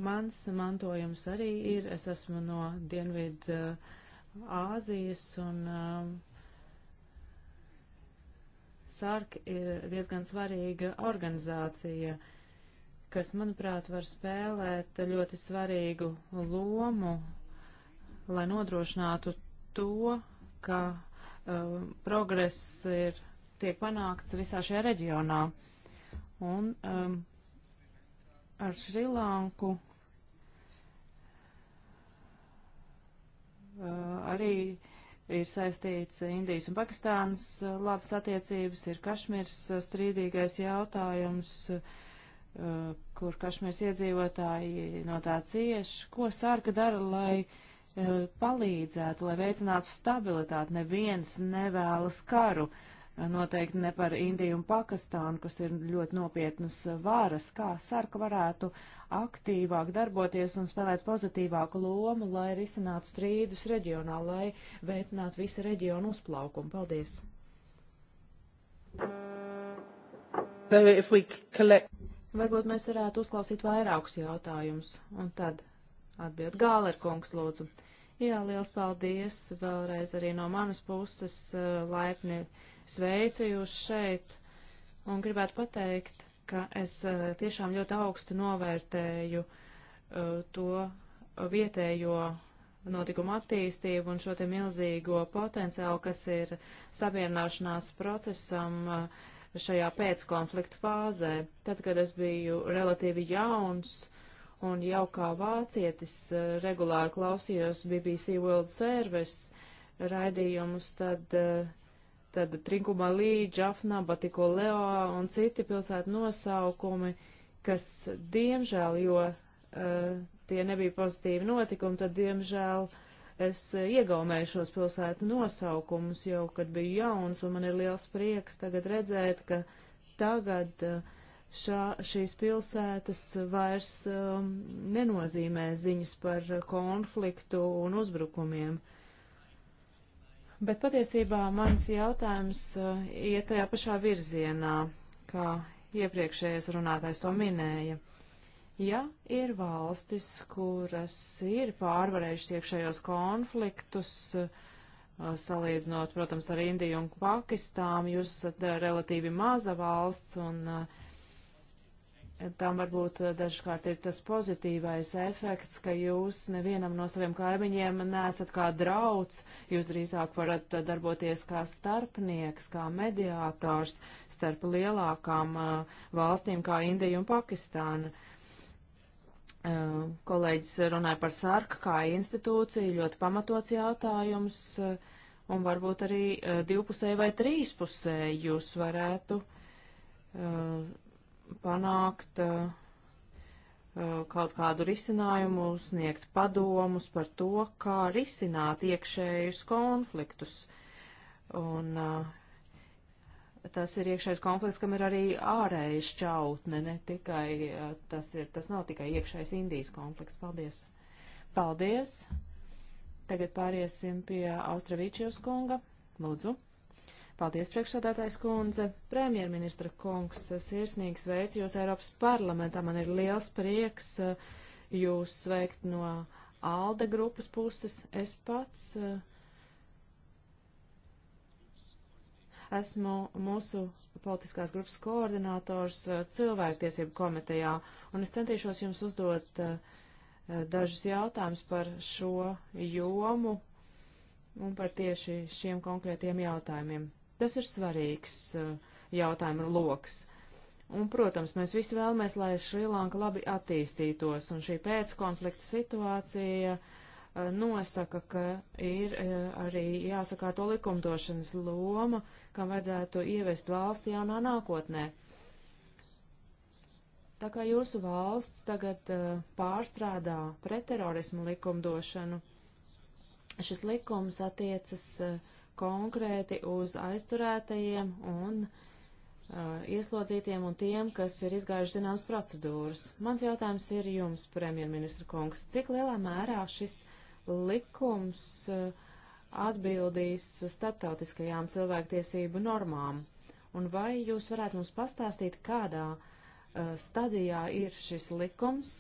Mans mantojums arī ir, es esmu no Dienvidu uh, Āzijas, un um, uh, Sārk ir diezgan svarīga organizācija. Uh, kas, manuprāt, var spēlēt ļoti svarīgu lomu, lai nodrošinātu to, ka uh, progress ir tiek panākts visā šajā reģionā. Un um, ar Šrilanku uh, arī ir saistīts Indijas un Pakistānas uh, labas attiecības, ir Kašmirs uh, strīdīgais jautājums. Uh, Eh, kur kašmēs iedzīvotāji no tā cieši. Ko sārka dara, lai eh, palīdzētu, lai veicinātu stabilitāti? Neviens nevēlas karu, eh, noteikti ne par Indiju un Pakistānu, kas ir ļoti nopietnas varas. Kā sārka varētu aktīvāk darboties un spēlēt pozitīvāku lomu, lai risinātu strīdus reģionā, lai veicinātu visu reģionu uzplaukumu? Paldies! So if we collect Varbūt mēs varētu uzklausīt vairākus jautājumus, un tad atbild Gālerkungs, lūdzu. Jā, liels paldies vēlreiz arī no manas puses eh, laipni sveicu jūs šeit, un gribētu pateikt, ka es eh, tiešām ļoti augstu novērtēju eh, to vietējo notikumu attīstību un šo te milzīgo potenciālu, kas ir samierināšanās procesam šajā pēckonflikta fāzē. Tad, kad es biju relatīvi jauns un jau kā vācietis eh, regulāri klausījos BBC World Service raidījumus, tad, eh, tad Trinkuma Lī, Džafna, Batiko Leoā un citi pilsētu nosaukumi, kas diemžēl, jo uh, tie nebija pozitīvi notikumi, tad diemžēl uh, Es eh, iegaumēju šos pilsētu nosaukumus jau, kad biju jauns, un man ir liels prieks tagad redzēt, ka tagad eh, šā, šīs pilsētas vairs um, nenozīmē ziņas par eh, konfliktu un uzbrukumiem. Bet patiesībā mans jautājums uh, iet tajā pašā virzienā, kā iepriekšējais runātājs to minēja. Uh, Ja ir valstis, kuras ir pārvarējušas iekšējos konfliktus, salīdzinot, protams, ar Indiju un Pakistānu, jūs esat relatīvi maza valsts un tam varbūt dažkārt ir tas pozitīvais efekts, ka jūs nevienam no saviem kaimiņiem nesat kā drauds, jūs drīzāk varat darboties kā starpnieks, kā mediātors starp lielākām valstīm kā Indija un Pakistāna. Uh, Kolēģis runāja par sarku kā institūciju, ļoti pamatots jautājums, un varbūt arī divpusēji vai trīspusēji jūs varētu panākt kaut kādu risinājumu, sniegt padomus par to, kā risināt iekšējus konfliktus. Un tas ir iekšējais konflikts, kam ir arī ārēja šķautne, ne tikai tas ir, tas nav tikai iekšējais Indijas konflikts. Paldies! Paldies! Tagad pāriesim pie Austravīčijos kunga. Lūdzu! Paldies, priekšsādātājs kundze, premjerministra kungs, sirsnīgs veids jūs Eiropas parlamentā. Man ir liels prieks jūs sveikt no ALDE grupas puses. Es pats uh, Esmu mūsu politiskās grupas koordinators eh, cilvēktiesību komitejā, un es centīšos jums uzdot eh, dažus jautājumus par šo jomu un par tieši šiem konkrētiem jautājumiem. Tas ir svarīgs eh, jautājumu loks. Un, protams, mēs visi vēlamies, lai Šrilanka labi attīstītos, un šī pēckonflikta situācija uh, Uh, nosaka, ka ir uh, arī jāsakārto likumdošanas loma, kam vajadzētu ievest valsts jaunā nākotnē. Tā kā jūsu valsts tagad uh, pārstrādā pretterorismu likumdošanu, šis likums attiecas konkrēti uz aizturētajiem un ieslodzītiem un tiem, kas ir izgājuši zināmas procedūras. Mans jautājums ir jums, premjerministra kungs, cik lielā mērā šis likums eh, atbildīs starptautiskajām cilvēktiesību normām. Un vai jūs varētu mums pastāstīt, kādā uh, stadijā ir šis likums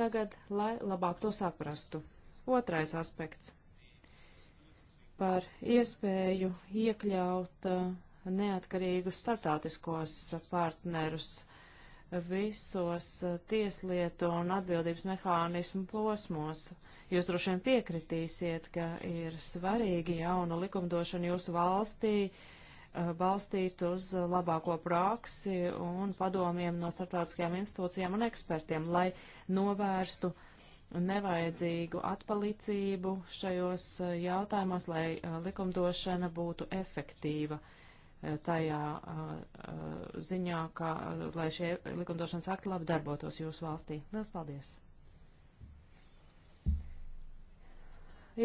tagad, lai labāk to saprastu? Otrais aspekts par iespēju iekļaut uh, neatkarīgus startautiskos partnerus visos eh, tieslietu un atbildības mehānismu posmos. Jūs droši vien piekritīsiet, ka ir svarīgi jauna likumdošana jūsu valstī eh, balstīt uz labāko praksi un padomiem no starptautiskajām institūcijām un ekspertiem, lai novērstu nevajadzīgu atpalicību šajos eh, jautājumos, lai likumdošana būtu efektīva. Uh, tajā ziņā, ka, lai šie likumdošanas akti labi darbotos jūsu valstī. Lielas paldies!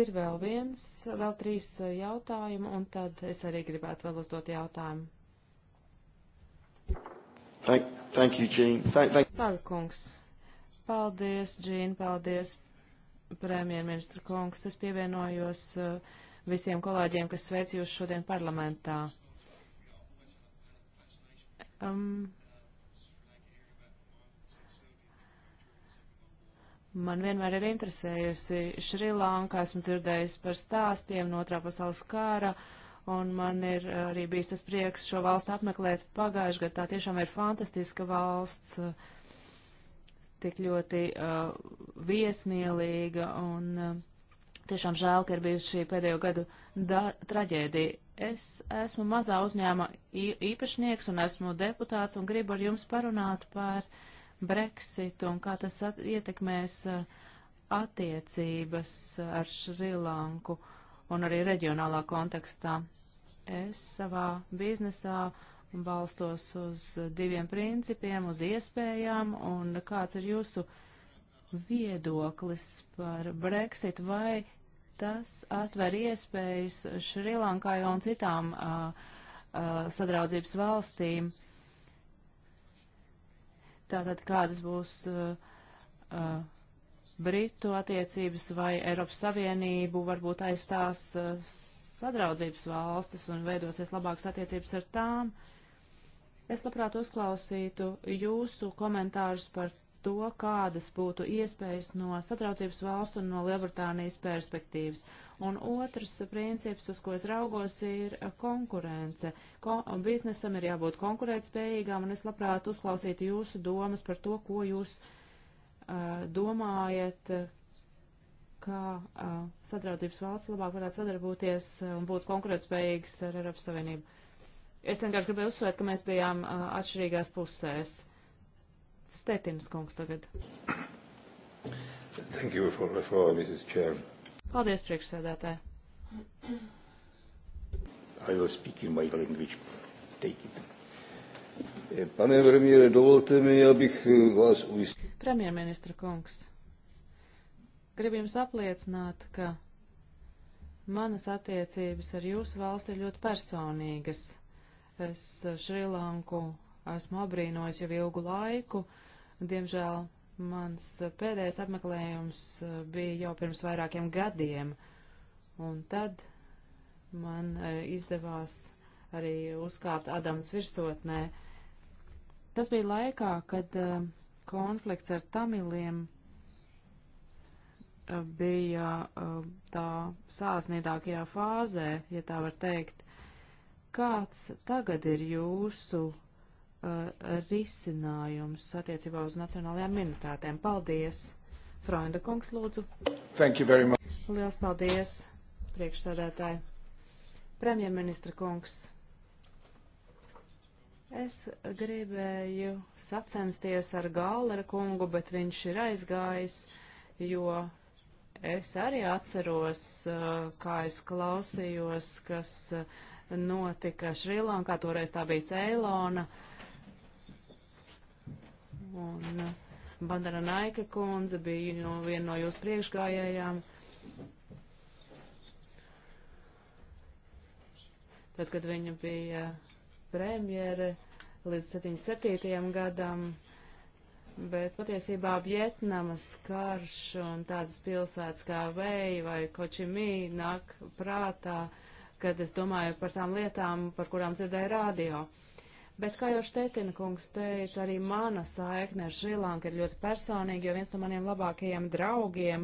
Ir vēl viens, vēl trīs jautājumi, un tad es arī gribētu vēl uzdot jautājumu. Thank, thank you, Jean. Thank, thank... Paldies, paldies, Jean, paldies, premjerministra kungs. Es pievienojos visiem kolēģiem, kas sveic jūs šodien parlamentā. Um, Man vienmēr ir interesējusi Šrilanka, esmu dzirdējusi par stāstiem no otrā pasaules kara, un man ir arī bijis tas prieks šo valstu apmeklēt pagājušajā gadā. Tā tiešām ir fantastiska valsts, tik ļoti uh, viesmīlīga, un uh, Tiešām žēl, ka ir bijusi šī pēdējo gadu traģēdija. Es esmu mazā uzņēma īpašnieks un esmu deputāts un gribu ar jums parunāt par Brexitu un kā tas ietekmēs uh, attiecības uh, ar Šrilanku un arī reģionālā kontekstā. Es savā biznesā balstos uz diviem principiem, uz iespējām un kāds ir jūsu viedoklis par Brexit, vai Tas atver iespējas Šrilankai un citām a, a, sadraudzības valstīm. Tātad kādas būs a, Britu attiecības vai Eiropas Savienību varbūt aizstās sadraudzības valstis un veidosies labākas attiecības ar tām. Es labprāt uzklausītu jūsu komentārus par to, kādas būtu iespējas no satraucības valstu un no Lielbritānijas perspektīvas. Un otrs princips, uz ko es raugos, ir konkurence. Ko, biznesam ir jābūt konkurētspējīgām, un es labprāt uzklausītu jūsu domas par to, ko jūs uh, domājat, kā uh, satraucības valsts labāk varētu sadarboties un būt konkurētspējīgas ar Eiropas Savienību. Es vienkārši gribēju uzsvērt, ka mēs bijām uh, atšķirīgās pusēs. Stetins kungs tagad. Thank you for the floor, Mrs. Chair. Paldies, priekšsēdētāji. I will speak in my language. Take it. Eh, pane premiére, dovolte mi, abych eh, vás ujistil. Premjerministra kungs, gribu jums apliecināt, ka manas attiecības ar jūsu valsti ir ļoti personīgas. Es eh, Šrilanku esmu abrīnojis jau ilgu laiku. Diemžēl mans pēdējais apmeklējums eh, bija jau pirms vairākiem gadiem, un tad man eh, izdevās arī uzkāpt Adams virsotnē. Tas bija laikā, kad eh, konflikts ar Tamiliem bija tā sāsnīdākajā fāzē, ja tā var teikt. Kāds tagad ir jūsu Uh, risinājums attiecībā uz nacionālajām minoritātēm. Paldies! Freunda kungs, lūdzu. Thank you very much. Liels paldies, priekšsādātāji. Premjerministra kungs, es gribēju sacensties ar Gālera kungu, bet viņš ir aizgājis, jo es arī atceros, uh, kā es klausījos, kas uh, notika Šrilankā, toreiz tā bija Ceilona un uh, Bandara Naika kundze bija no viena no jūsu priekšgājējām. Tad, kad viņa bija premjere līdz 77. gadam, bet patiesībā Vietnamas karš un tādas pilsētas kā Vēja vai Kočimī nāk prātā, kad es domāju par tām lietām, par kurām dzirdēju rādio. Uh, Bet, kā jau Štetina kungs teica, arī mana saikne ar Šrilanku ir ļoti personīga, jo viens no maniem labākajiem draugiem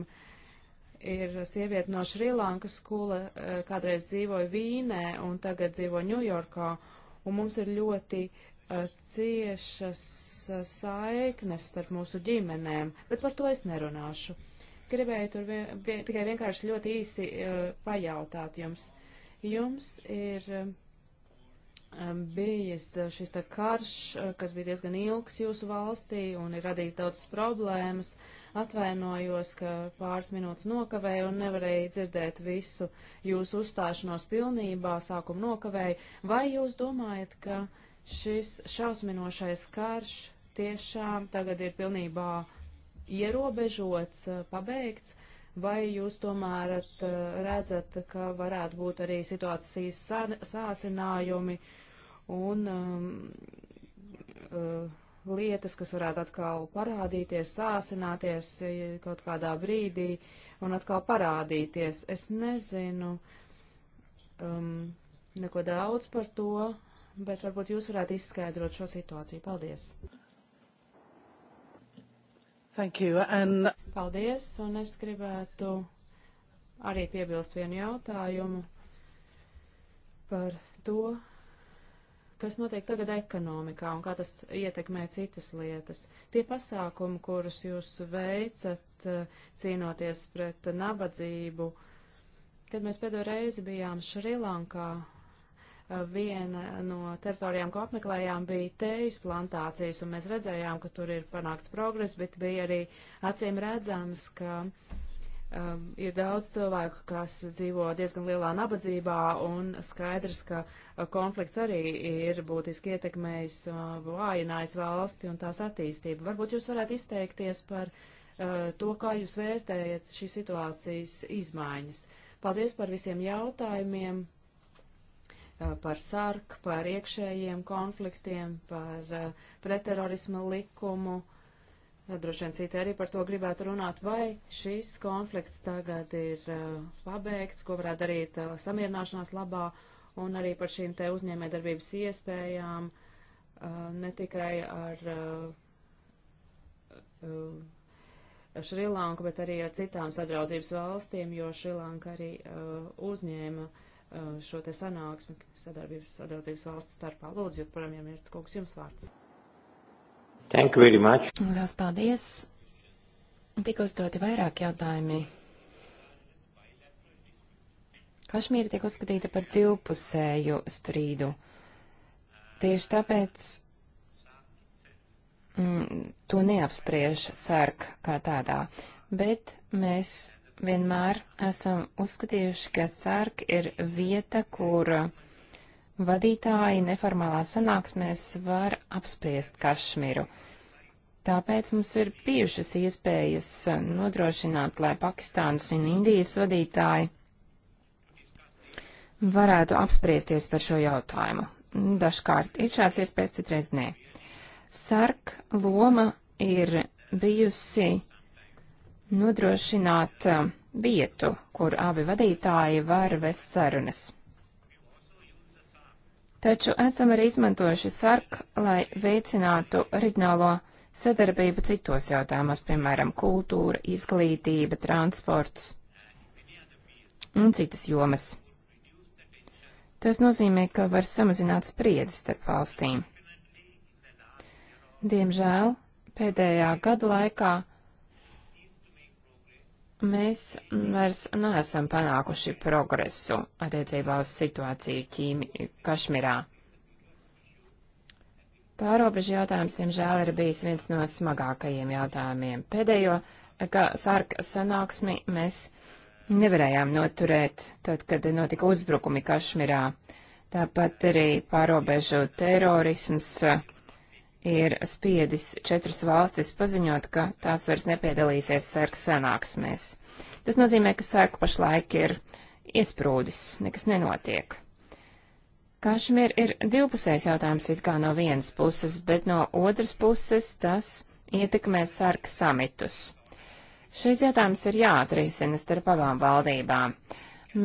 ir sieviete no Šrilankas, kura eh, kādreiz dzīvoja Vīnē un tagad dzīvo Ņujorkā. Un mums ir ļoti uh, ciešas uh, saiknes starp mūsu ģimenēm, bet par to es nerunāšu. Gribēju tur vien, vien, tikai vienkārši ļoti īsi uh, pajautāt jums. Jums ir. Uh, bijis eh, šis te karš, eh, kas bija diezgan ilgs jūsu valstī un ir radījis daudz problēmas. Atvainojos, ka pāris minūtes nokavēju un nevarēju dzirdēt visu jūsu uzstāšanos pilnībā, sākumu nokavēju. Vai jūs domājat, ka šis šausminošais karš tiešām tagad ir pilnībā ierobežots, eh, pabeigts? Vai jūs tomēr eh, redzat, ka varētu būt arī situācijas sāsinājumi un um, uh, lietas, kas varētu atkal parādīties, sāsināties eh, kaut kādā brīdī un atkal parādīties. Es nezinu um, neko daudz par to, bet varbūt jūs varētu izskaidrot šo situāciju. Paldies! Thank you. And... Paldies, un es gribētu arī piebilst vienu jautājumu par to, kas notiek tagad ekonomikā un kā tas ietekmē citas lietas. Tie pasākumi, kurus jūs veicat eh, cīnoties pret nabadzību, kad mēs pēdējo reizi bijām Šrilankā viena no teritorijām, ko apmeklējām, bija tejas plantācijas, un mēs redzējām, ka tur ir panākts progress, bet bija arī acīm redzams, ka um, ir daudz cilvēku, kas dzīvo diezgan lielā nabadzībā, un skaidrs, ka uh, konflikts arī ir būtiski ietekmējis, uh, vājinājis valsti un tās attīstību. Varbūt jūs varētu izteikties par uh, to, kā jūs vērtējat šīs situācijas izmaiņas. Paldies par visiem jautājumiem! par sark, par iekšējiem konfliktiem, par preterorisma likumu. Droši vien citi arī par to gribētu runāt, vai šis konflikts tagad ir pabeigts, ko varētu darīt samierināšanās labā, un arī par šīm te uzņēmējdarbības iespējām, ne tikai ar Šrilanku, bet arī ar citām sadraudzības valstīm, jo Šrilanka arī uzņēma uh, Uh, šo te sanāksmi sadarbības, sadraudzības valstu starpā. Lūdzu, premjerministrs Kungs, jums vārds. Thank you very much. Lielas paldies. Tik uzdoti vairāk jautājumi. Kašmīra tiek uzskatīta par divpusēju strīdu. Tieši tāpēc mm, to neapspriež sark kā tādā, bet mēs vienmēr esam uzskatījuši, ka sark ir vieta, kur vadītāji neformālā sanāksmēs var apspriest kašmiru. Tāpēc mums ir bijušas iespējas nodrošināt, lai Pakistānas un Indijas vadītāji varētu apspriesties par šo jautājumu. Dažkārt ir šāds iespējas, citreiz nē. Sark loma ir bijusi nodrošināt um, vietu, kur abi vadītāji var vest sarunas. Taču esam arī izmantojuši sark, lai veicinātu reģionālo sadarbību citos jautājumos, piemēram, kultūra, izglītība, transports un citas jomas. Tas nozīmē, ka var samazināt spriedzi starp valstīm. Diemžēl pēdējā gada laikā Mēs vairs neesam panākuši progresu attiecībā uz situāciju Ķīmi, Kašmirā. Pārobežu jautājums, diemžēl, ir bijis viens no smagākajiem jautājumiem. Pēdējo ka sarka sanāksmi mēs nevarējām noturēt, tad, kad notika uzbrukumi Kašmirā. Tāpat arī pārobežu terorisms ir spiedis četras valstis paziņot, ka tās vairs nepiedalīsies sērka sanāksmēs. Tas nozīmē, ka sērka pašlaik ir iesprūdis, nekas nenotiek. Kašmir ir divpusējs jautājums it kā no vienas puses, bet no otras puses tas ietekmē sērka samitus. Šis jautājums ir jāatrisina starp abām valdībām.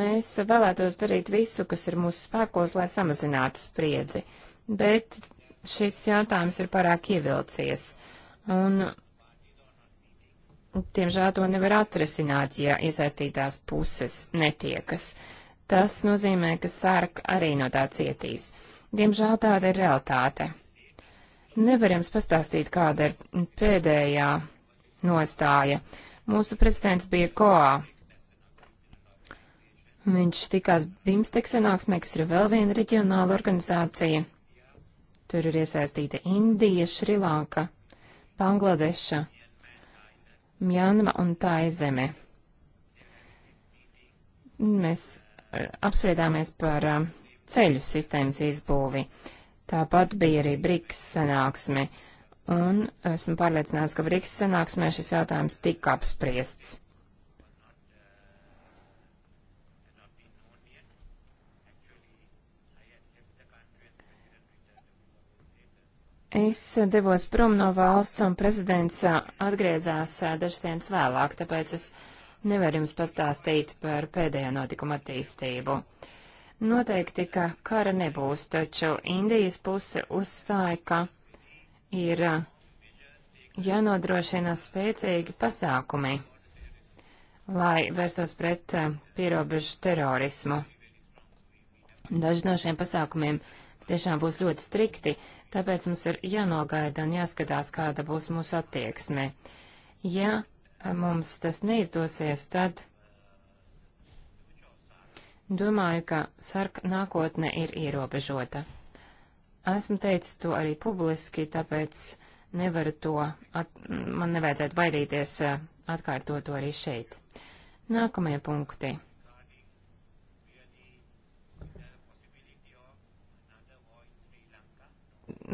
Mēs vēlētos darīt visu, kas ir mūsu spēkos, lai samazinātu spriedzi, bet šis jautājums ir pārāk ievilcies. Un, tiemžēl, to nevar atrisināt, ja iesaistītās puses netiekas. Tas nozīmē, ka sārk arī no tā cietīs. Diemžēl tāda ir realitāte. Nevar jums pastāstīt, kāda ir pēdējā nostāja. Mūsu prezidents bija Koā. Viņš tikās Bimstek sanāksmē, kas ir vēl viena reģionāla organizācija, Tur ir iesaistīta Indija, Šrilanka, Bangladeša, Mjanma un Taizeme. Mēs e, apspriedāmies par e, ceļu sistēmas izbūvi. Tāpat bija arī Briks sanāksme, un esmu pārliecināts, ka Briks sanāksmē šis jautājums tika apspriests. Es devos prom no valsts, un prezidents atgriezās dažas dienas vēlāk, tāpēc es nevaru jums pastāstīt par pēdējo notikumu attīstību. Noteikti, ka kara nebūs, taču Indijas puse uzstāja, ka ir jānodrošina spēcīgi pasākumi, lai vērstos pret pierobežu terorismu. Daži no šiem pasākumiem tiešām būs ļoti strikti, Tāpēc mums ir jānogaida un jāskatās, kāda būs mūsu attieksme. Ja mums tas neizdosies, tad domāju, ka sarka nākotne ir ierobežota. Esmu teicis to arī publiski, tāpēc nevaru to, at, man nevajadzētu baidīties eh, atkārtot to arī šeit. Nākamie punkti.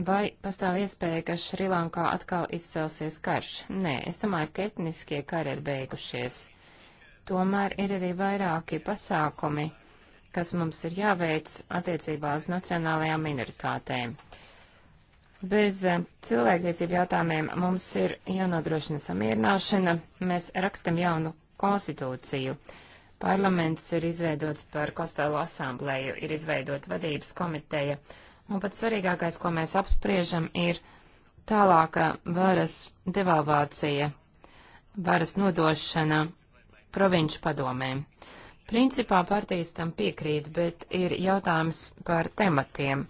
Vai pastāv iespēja, ka Šrilankā atkal izcelsies karš? Nē, es domāju, ka etniskie kari ir beigušies. Tomēr ir arī vairāki pasākumi, kas mums ir jāveic attiecībā uz nacionālajām minoritātēm. Bez eh, cilvēktiesību jautājumiem mums ir jānodrošina samierināšana. Mēs rakstam jaunu konstitūciju. Parlaments ir izveidots par Kostelu asamblēju, ir izveidota vadības komiteja Un pats svarīgākais, ko mēs apspriežam, ir tālāka varas devalvācija, varas nodošana provinču padomēm. Principā partijas tam piekrīt, bet ir jautājums par tematiem.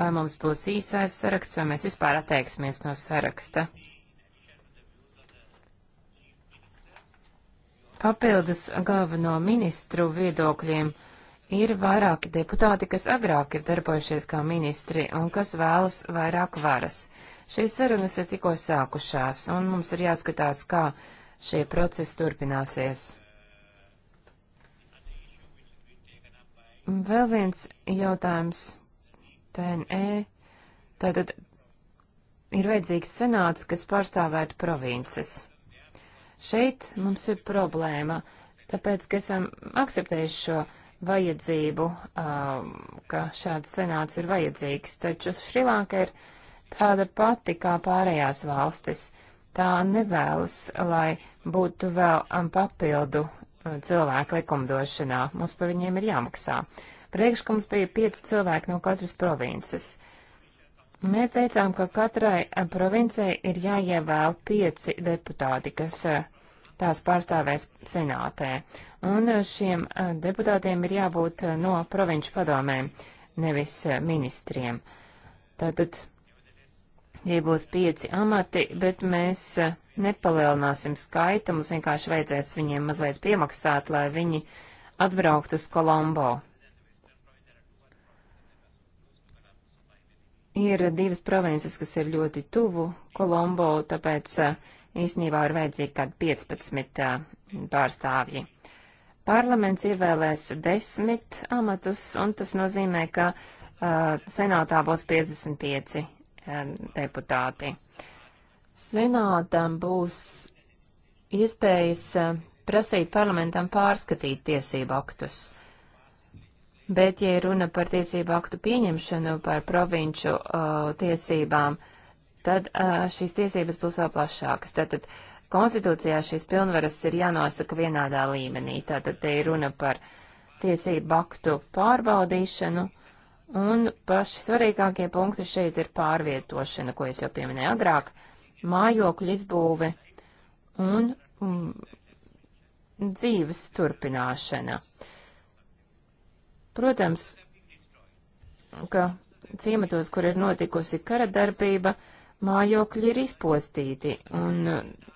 Vai mums būs īsais saraksts, vai mēs vispār atteiksimies no saraksta? Papildus galveno ministru viedokļiem Ir vairāki deputāti, kas agrāk ir darbojušies kā ministri un kas vēlas vairāk varas. Šīs sarunas ir tikko sākušās, un mums ir jāskatās, kā šie procesi turpināsies. Vēl viens jautājums TNE. Tātad ir vajadzīgs senāts, kas pārstāvētu provinces. Šeit mums ir problēma, tāpēc, ka esam akceptējuši šo vajadzību, um, ka šāds senāts ir vajadzīgs, taču Šrilanka ir tāda pati kā pārējās valstis. Tā nevēlas, lai būtu vēl um, papildu uh, cilvēku likumdošanā. Mums par viņiem ir jāmaksā. Priekšlikums bija pieci cilvēki no katras provinces. Mēs teicām, ka katrai uh, provincijai ir jāievēl pieci deputāti, kas uh, tās pārstāvēs senātē. Un šiem deputātiem ir jābūt no provinču padomēm, nevis ministriem. Tātad tie būs pieci amati, bet mēs nepalielināsim skaitu, mums vienkārši vajadzēs viņiem mazliet piemaksāt, lai viņi atbraukt uz Kolombo. Ir divas provinces, kas ir ļoti tuvu Kolombo, tāpēc uh, īsnībā ir vajadzīgi kādi 15 uh, pārstāvji. Parlaments ievēlēs 10 amatus, un tas nozīmē, ka uh, senātā būs 55 uh, deputāti. Senātam būs iespējas uh, prasīt parlamentam pārskatīt tiesību aktus. Bet, ja runa par tiesību aktu pieņemšanu, par provinču uh, tiesībām, uh, tad šīs tiesības būs vēl plašākas. Tātad konstitūcijā šīs pilnvaras ir jānosaka vienādā līmenī. Tātad te ir runa par tiesību aktu pārbaudīšanu, un paši svarīgākie punkti šeit ir pārvietošana, ko es jau pieminēju agrāk, mājokļu izbūve un mm, dzīves turpināšana. Protams, ka ciematos, kur ir notikusi kara darbība, uh, mājokļi ir izpostīti un uh,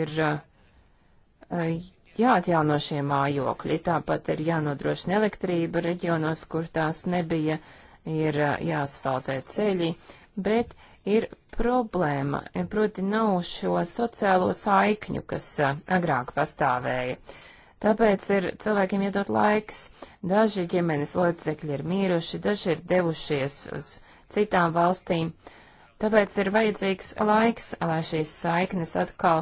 ir uh, jāatjauno šie mājokļi. Tāpat ir jānodrošina elektrība reģionos, kur tās nebija, ir uh, jāasfaltē ceļi, bet ir problēma, proti nav šo sociālo saikņu, kas agrāk pastāvēja. Tāpēc ir cilvēkiem iedot laiks. Daži ģimenes locekļi ir mīruši, daži ir devušies uz citām valstīm. Uh, Tāpēc ir vajadzīgs laiks, lai šīs saiknes atkal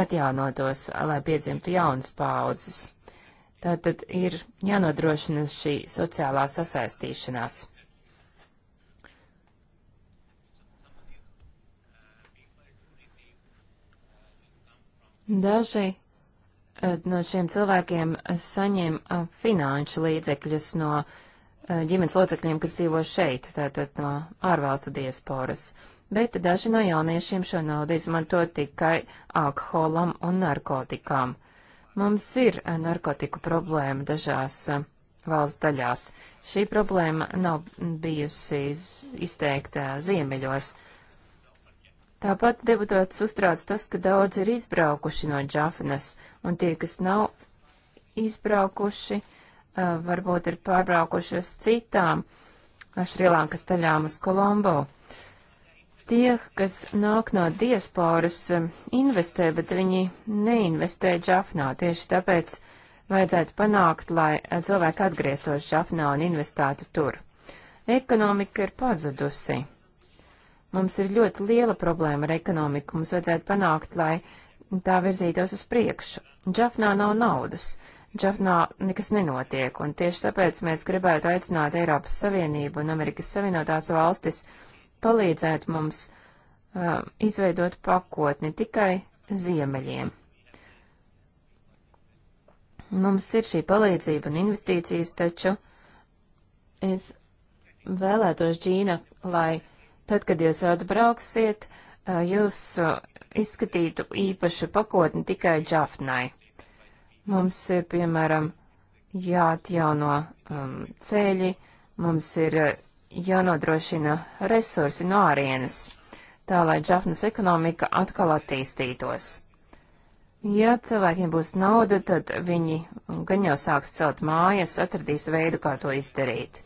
atjaunotos, lai piedzimtu jaunas paudzes. Tātad ir jānodrošina šī sociālā sasaistīšanās. Daži eh, no šiem cilvēkiem saņem eh, finanšu līdzekļus no uh, ģimenes locekļiem, kas dzīvo šeit, tātad no ārvalstu diasporas. Bet daži no jauniešiem šo naudu izmanto tikai alkoholam un narkotikām. Mums ir eh, narkotiku problēma dažās eh, valsts daļās. Šī problēma nav bijusi izteikta ziemeļos. Tāpat deputāts uztrauc tas, ka daudz ir izbraukuši no Džafinas, un tie, kas nav izbraukuši, uh, varbūt ir pārbraukuši uz citām Šrilankas taļām uz Kolombo. Tie, kas nāk no diasporas, investē, bet viņi neinvestē Džafnā. Tieši tāpēc vajadzētu panākt, lai cilvēki atgrieztos Džafnā un investētu tur. Ekonomika ir pazudusi. Mums ir ļoti liela problēma ar ekonomiku. Mums vajadzētu panākt, lai tā virzītos uz priekšu. Džafnā nav naudas. Džafnā nekas nenotiek, un tieši tāpēc mēs gribētu aicināt Eiropas Savienību un Amerikas Savienotās valstis palīdzēt mums uh, izveidot pakotni tikai ziemeļiem. Mums ir šī palīdzība un investīcijas, taču es vēlētos, Džīna, lai tad, kad jūs atbrauksiet, uh, jūs uh, izskatītu īpašu pakotni tikai Džafnai. Mums ir, piemēram, jāatjauno um, ceļi, mums ir uh, jānodrošina resursi no ārienes, tā lai Džafnas ekonomika atkal attīstītos. Ja cilvēkiem būs nauda, tad viņi gan jau sāks celt mājas, atradīs veidu, kā to izdarīt.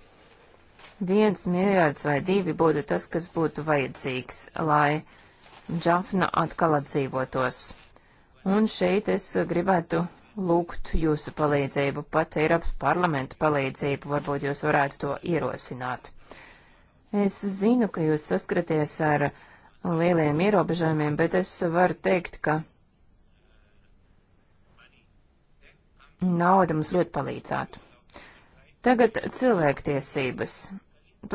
Viens miljards vai divi būtu tas, kas būtu vajadzīgs, lai Džafna atkal atdzīvotos. Un šeit es gribētu lūgt jūsu palīdzību, pat Eiropas parlamenta palīdzību, varbūt jūs varētu to ierosināt. Es zinu, ka jūs saskaties ar lieliem ierobežojumiem, bet es varu teikt, ka nauda mums ļoti palīdzētu. Tagad cilvēktiesības.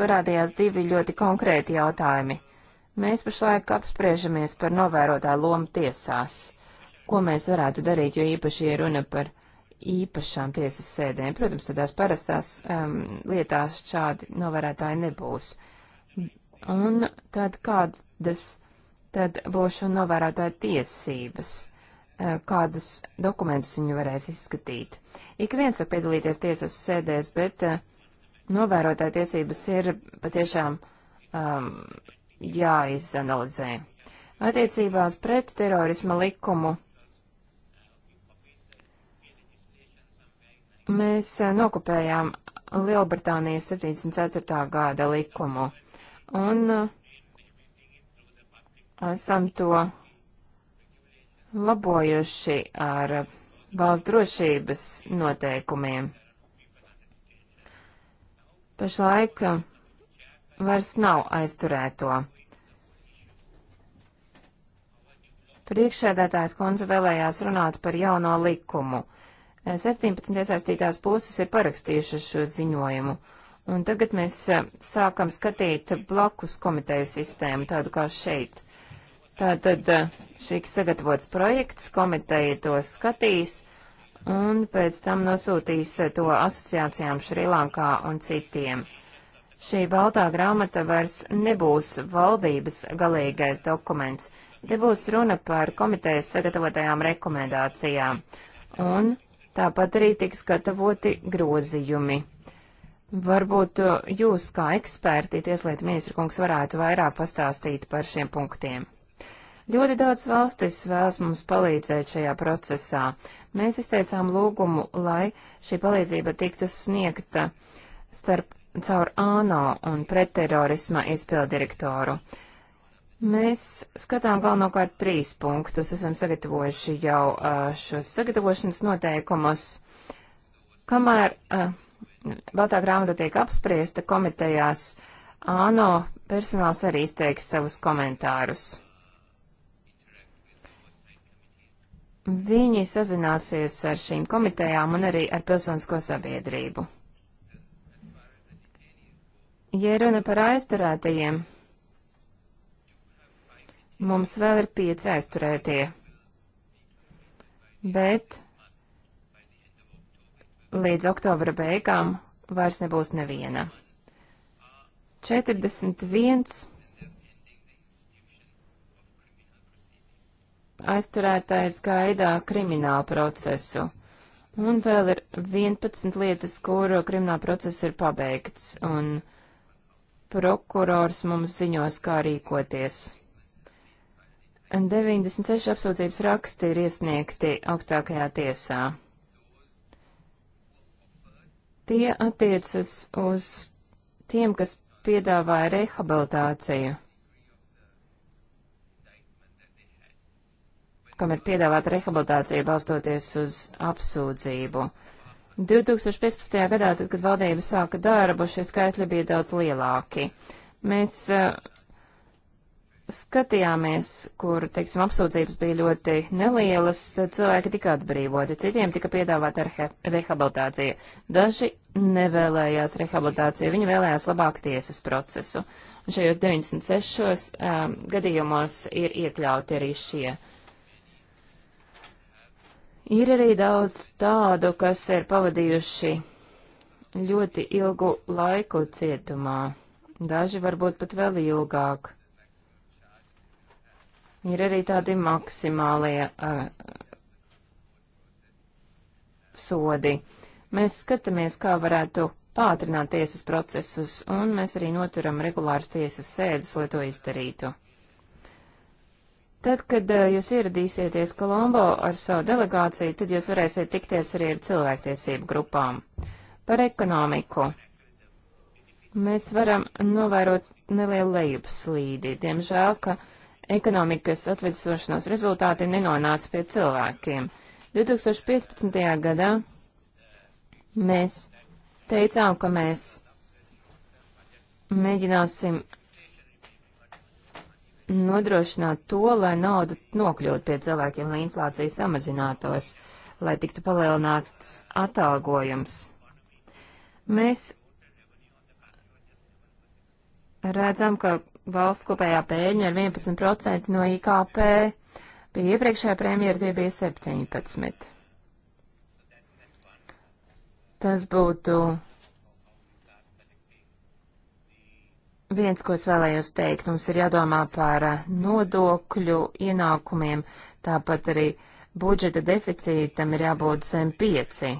Parādījās divi ļoti konkrēti jautājumi. Mēs pašlaik apspriežamies par novērotāju lomu tiesās ko mēs varētu darīt, jo īpaši ir runa par īpašām tiesas sēdēm. Protams, tādās parastās um, lietās šādi novērētāji nebūs. Un tad kādas tad būs šo novērētāju tiesības, uh, kādas dokumentus viņi varēs izskatīt. Ik viens var piedalīties tiesas sēdēs, bet uh, novērotāju tiesības ir patiešām um, jāizanalizē. Attiecībās pret terorisma likumu Mēs nokopējām Lielbritānijas 74. gada likumu un esam to labojuši ar valsts drošības noteikumiem. Pašlaik vairs nav aizturēto. Priekšsēdētājs konze vēlējās runāt par jauno likumu. 17 eh, iesaistītās puses ir parakstījušas šo ziņojumu. Un tagad mēs eh, sākam skatīt blakus komiteju sistēmu, tādu kā šeit. Tātad eh, šīks sagatavots projekts, komiteja to skatīs un pēc tam nosūtīs to asociācijām Šrilankā un citiem. Šī baltā grāmata vairs nebūs valdības galīgais dokuments. Te būs runa par komitejas sagatavotajām rekomendācijām. Un Tāpat arī tiks gatavoti grozījumi. Varbūt uh, jūs, kā eksperti, tieslietu ministra kungs, varētu vairāk pastāstīt par šiem punktiem. Ļoti daudz valstis vēlas mums palīdzēt šajā procesā. Mēs izteicām lūgumu, lai šī palīdzība tiktu sniegta starp caur ANO un pretterorisma izpildirektoru. direktoru. Mēs skatām galvenokārt trīs punktus. Esam sagatavojuši jau uh, šos sagatavošanas noteikumus. Kamēr uh, Baltā grāmata tiek apspriesta komitejās, ANO personāls arī izteiks savus komentārus. Viņi sazināsies ar šīm komitejām un arī ar pilsonisko sabiedrību. Ja runa par aizturētajiem, Mums vēl ir pieci aizturētie. Bet līdz oktobra beigām vairs nebūs neviena. 41 aizturētājs gaidā kriminālu procesu. Un vēl ir 11 lietas, kuru krimināla process ir pabeigts, un prokurors mums ziņos, kā rīkoties. 96 apsūdzības raksti ir iesniegti augstākajā tiesā. Tie attiecas uz tiem, kas piedāvāja rehabilitāciju, kam ir piedāvāta rehabilitācija balstoties uz apsūdzību. 2015. gadā, tad, kad valdība sāka darbu, šie skaitļi bija daudz lielāki. Mēs uh, skatījāmies, kur, teiksim, apsūdzības bija ļoti nelielas, tad cilvēki tika atbrīvoti, citiem tika piedāvāta rehabilitācija. Daži nevēlējās rehabilitāciju, viņi vēlējās labāk tiesas procesu. Un šajos 96 um, gadījumos ir iekļauti arī šie. Ir arī daudz tādu, kas ir pavadījuši ļoti ilgu laiku cietumā, daži varbūt pat vēl ilgāk. Ir arī tādi maksimālie uh, sodi. Mēs skatāmies, kā varētu pātrināt tiesas procesus, un mēs arī noturam regulāras tiesas sēdes, lai to izdarītu. Tad, kad eh, jūs ieradīsieties Kolombo ar savu delegāciju, tad jūs varēsiet tikties arī ar cilvēktiesību grupām. Par ekonomiku. Mēs varam novērot nelielu lejupslīdi. Diemžēl, ka ekonomikas atvesošanās rezultāti nenonāca pie cilvēkiem. 2015. gadā mēs teicām, ka mēs mēģināsim nodrošināt to, lai nauda nokļūtu pie cilvēkiem, lai inflācija samazinātos, lai tiktu palielināts atalgojums. Mēs redzam, ka valsts kopējā pēļņa ar 11% no IKP, pie iepriekšējā premjera tie bija 17. Tas būtu viens, ko es vēlējos teikt. Mums ir jādomā par nodokļu ienākumiem, tāpat arī budžeta deficītam ir jābūt zem 5.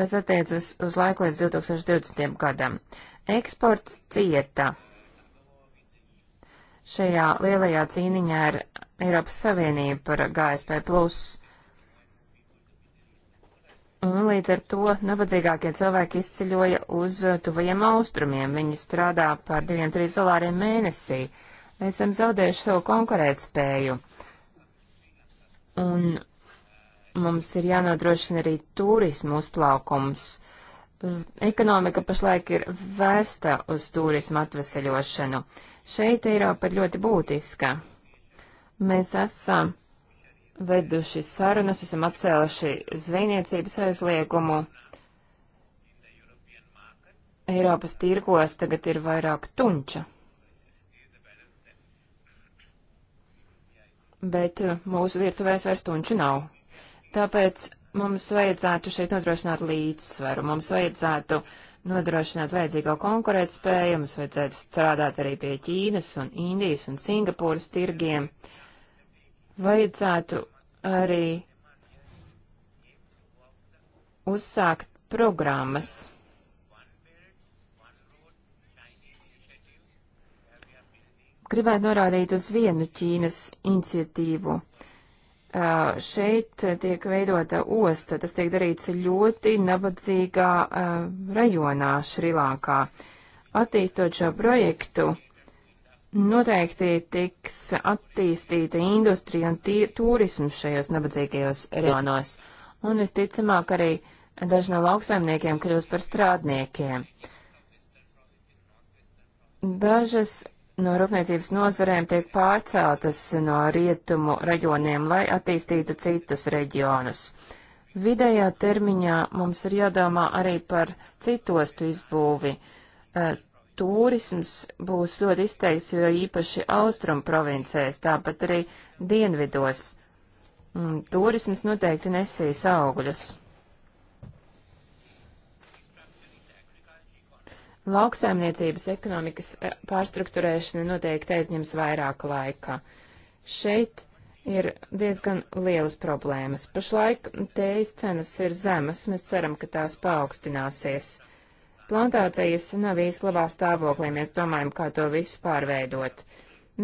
Tas attiecas uz laiku līdz 2020. gadam. Eksports cieta šajā lielajā cīniņā ar Eiropas Savienību par GSP. Un līdz ar to nabadzīgākie cilvēki izceļoja uz tuvajiem austrumiem. Viņi strādā par 2-3 dolāriem mēnesī. Mēs esam zaudējuši savu konkurētspēju. Un mums ir jānodrošina arī turismu uzplaukums. Ekonomika pašlaik ir vērsta uz turismu atveseļošanu. Uh, Šeit Eiropa ir ļoti būtiska. Mēs esam veduši sarunas, esam atcēluši zvejniecības aizliegumu. Eiropas tirgos tagad ir vairāk tunča. Bet uh, mūsu virtuvēs vairs tunču nav. Tāpēc mums vajadzētu šeit nodrošināt līdzsvaru, mums vajadzētu uh, nodrošināt vajadzīgo konkurētspēju, mums vajadzētu strādāt arī pie Ķīnas un Indijas un Singapūras tirgiem. Vajadzētu arī uzsākt programmas. Gribētu norādīt uz vienu Ķīnas iniciatīvu šeit tiek veidota osta. Tas tiek darīts ļoti nabadzīgā rajonā Šrilankā. Attīstot šo projektu, noteikti tiks attīstīta industrija un turisms šajos nabadzīgajos rejonos. Un visticamāk arī daži no lauksaimniekiem kļūs par strādniekiem. Dažas no rūpniecības nozarēm tiek pārceltas no rietumu reģioniem, lai attīstītu citus reģionus. Vidējā termiņā mums ir jādomā arī par citostu izbūvi. Eh, Tūrisms būs ļoti izteikts, jo īpaši austrum provincēs, tāpat arī dienvidos. Mm, Tūrisms noteikti nesīs augļus. Lauksaimniecības ekonomikas e, pārstruktūrēšana noteikti aizņems vairāk laika. Šeit ir diezgan lielas problēmas. Pašlaik tējas cenas ir zemas, mēs ceram, ka tās paaugstināsies. Plantācijas nav īsti labā stāvoklī, mēs domājam, kā to visu pārveidot.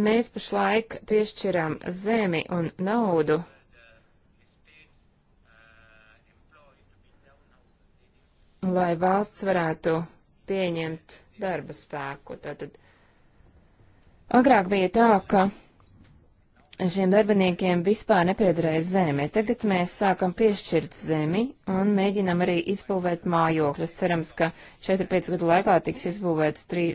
Mēs pašlaik piešķiram zemi un naudu lai valsts varētu pieņemt darba spēku. Tātad agrāk bija tā, ka šiem darbiniekiem vispār nepiedarēja zeme. Tagad mēs sākam piešķirt zemi un mēģinam arī izbūvēt mājokļus. Cerams, ka 4-5 gadu laikā tiks izbūvēts 3,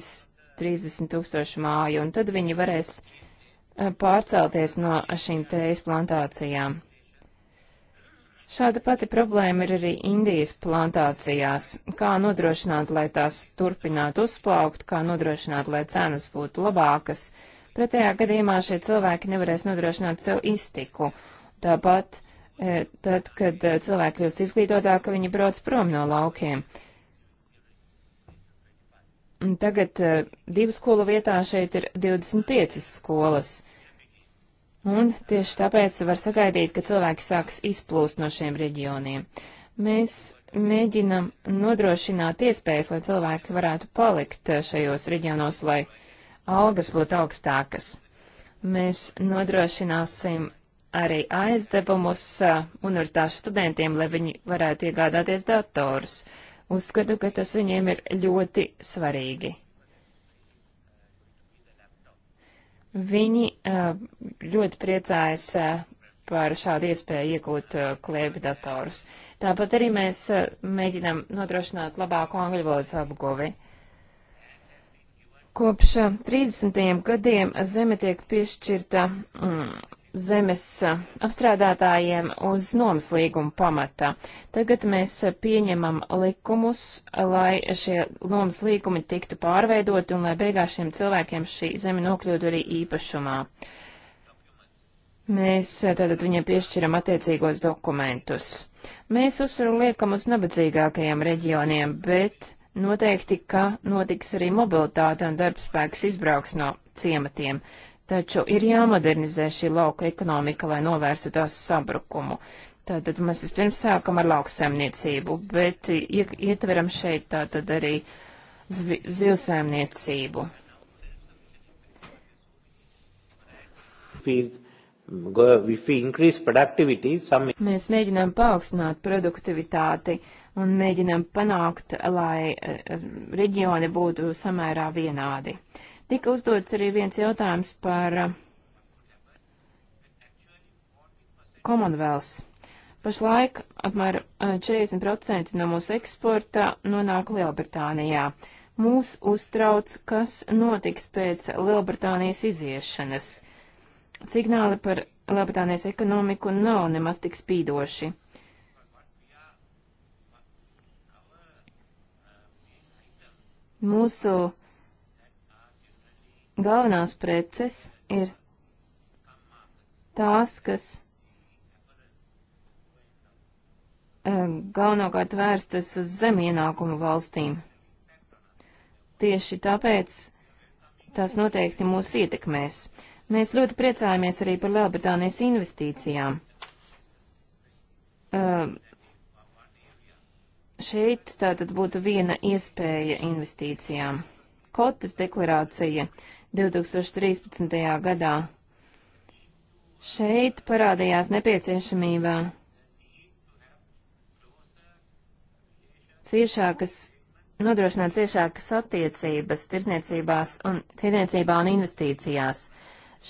30 tūkstoši māju, un tad viņi varēs eh, pārcelties no šīm te izplantācijām. Šāda pati problēma ir arī Indijas plantācijās. Kā nodrošināt, lai tās turpinātu uzplaukt, kā nodrošināt, lai cenas būtu labākas. Pretējā gadījumā šie cilvēki nevarēs nodrošināt sev iztiku. Tāpat, e, tad, kad e, cilvēki kļūst izglītotāki, viņi brauc prom no laukiem. Tagad e, divu skolu vietā šeit ir 25 skolas. Un tieši tāpēc var sagaidīt, ka cilvēki sāks izplūst no šiem reģioniem. Mēs mēģinam nodrošināt iespējas, lai cilvēki varētu palikt eh, šajos reģionos, lai algas būtu augstākas. Mēs nodrošināsim arī aizdevumus uh, universitāšu studentiem, lai viņi varētu iegādāties datorus. Uzskatu, ka tas viņiem ir ļoti svarīgi. Viņi eh, ļoti priecājas eh, par šādu iespēju iegūt eh, klēbi datorus. Tāpat arī mēs mēģinām nodrošināt labāku angļu valodas apguvi. Kopš 30. gadiem zeme tiek piešķirta mm, zemes apstrādātājiem uz nomas līguma pamata. Tagad mēs pieņemam likumus, lai šie nomas līgumi tiktu pārveidoti un lai beigās šiem cilvēkiem šī zeme nokļūtu arī īpašumā. Mēs tātad viņiem piešķiram attiecīgos dokumentus. Mēs uzsvaru liekam uz nabadzīgākajiem reģioniem, bet noteikti, ka notiks arī mobilitāte un darbspēks izbrauks no ciematiem. Taču ir jāmodernizē šī lauka ekonomika, lai novērstu tās sabrukumu. Tātad mēs pirms sākam ar lauksaimniecību, bet ietveram šeit tātad arī zivsaimniecību. Mēs mēģinām paaugstināt produktivitāti un mēģinām panākt, lai eh, reģioni būtu samērā vienādi. Uh, Tika uzdots arī viens jautājums par uh, Commonwealth. Pašlaik apmēram uh, 40% no mūsu eksporta nonāk Lielbritānijā. Mūs uztrauc, kas notiks pēc Lielbritānijas iziešanas. Signāli par Lielbritānijas ekonomiku nav nemaz tik spīdoši. Mūsu uh, galvenās preces ir tās, kas eh, galvenokārt vērstas uz zem ienākumu valstīm. Tieši tāpēc tas noteikti mūs ietekmēs. Mēs ļoti priecājamies arī par Lielbritānijas investīcijām. Um, šeit tā tad būtu viena iespēja investīcijām. Kotas deklarācija uh, 2013. gadā. Šeit parādījās nepieciešamība ciešākas, nodrošināt ciešākas attiecības tirsniecībās un tirniecībā un investīcijās.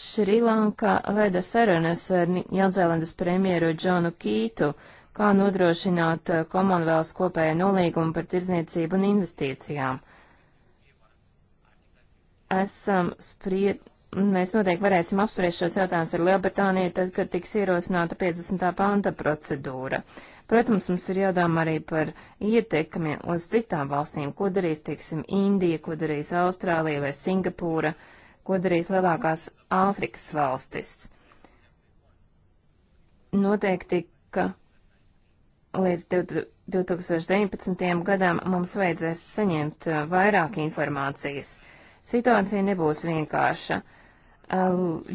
Šrilanka veda sarunas ar Jaunzēlandes premjeru Džonu Kītu, kā nodrošināt eh, Commonwealth kopēju nolīgumu par tirzniecību un investīcijām esam spried, mēs noteikti varēsim apspriest šos jautājumus ar Lielbritāniju, tad, kad tiks ierosināta 50. panta procedūra. Protams, mums ir jādomā arī par ietekmi uz citām valstīm, ko darīs, teiksim, Indija, ko darīs Austrālija vai Singapūra, ko darīs lielākās Āfrikas valstis. Noteikti, ka līdz 2019. gadam mums vajadzēs saņemt vairāk informācijas. Uh, Situācija nebūs vienkārša.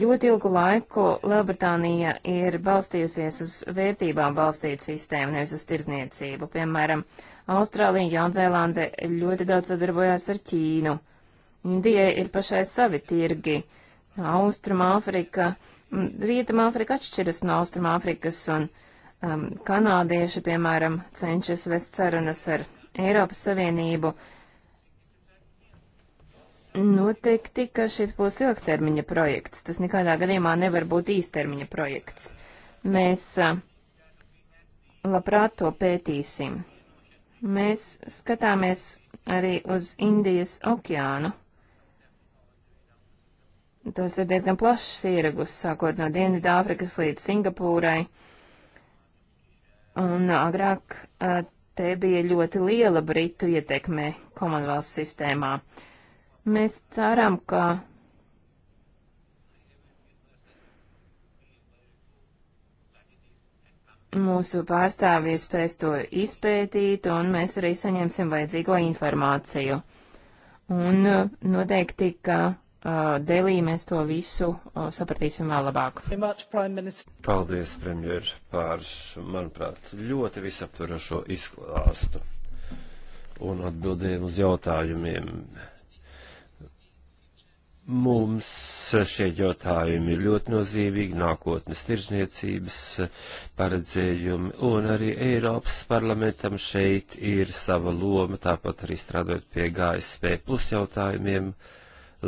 Ļoti ilgu laiku Lielbritānija ir balstījusies uz vērtībām balstītu sistēmu, nevis uz tirzniecību. Piemēram, Austrālija, Jaunzēlande ļoti daudz sadarbojās ar Ķīnu. Indijai ir pašai savi tirgi. Austruma Āfrika, Rietuma Āfrika atšķiras no Austruma Āfrikas un um, kanādieši, piemēram, cenšas vest sarunas ar Eiropas Savienību. Uh, Noteikti, ka šis būs ilgtermiņa projekts. Tas nekādā gadījumā nevar būt īstermiņa projekts. Mēs labprāt to pētīsim. Mēs skatāmies arī uz Indijas okeānu. Tos ir diezgan plašs ieragus, sākot no Dienvidāfrikas līdz Singapūrai. Un agrāk te bija ļoti liela Britu ietekme Commonwealth sistēmā. Uh, Mēs ceram, ka mūsu pārstāvji spēs to izpētīt, un mēs arī saņemsim vajadzīgo informāciju. Un uh, noteikti, ka uh, Delī mēs to visu uh, sapratīsim vēl labāk. Paldies, premjer, par, manuprāt, ļoti visaptvarošo izklāstu un atbildējumu uz jautājumiem. Mums šie jautājumi ir ļoti nozīmīgi, nākotnes tirzniecības paredzējumi, un arī Eiropas parlamentam šeit ir sava loma, tāpat arī strādājot pie GSP plus jautājumiem,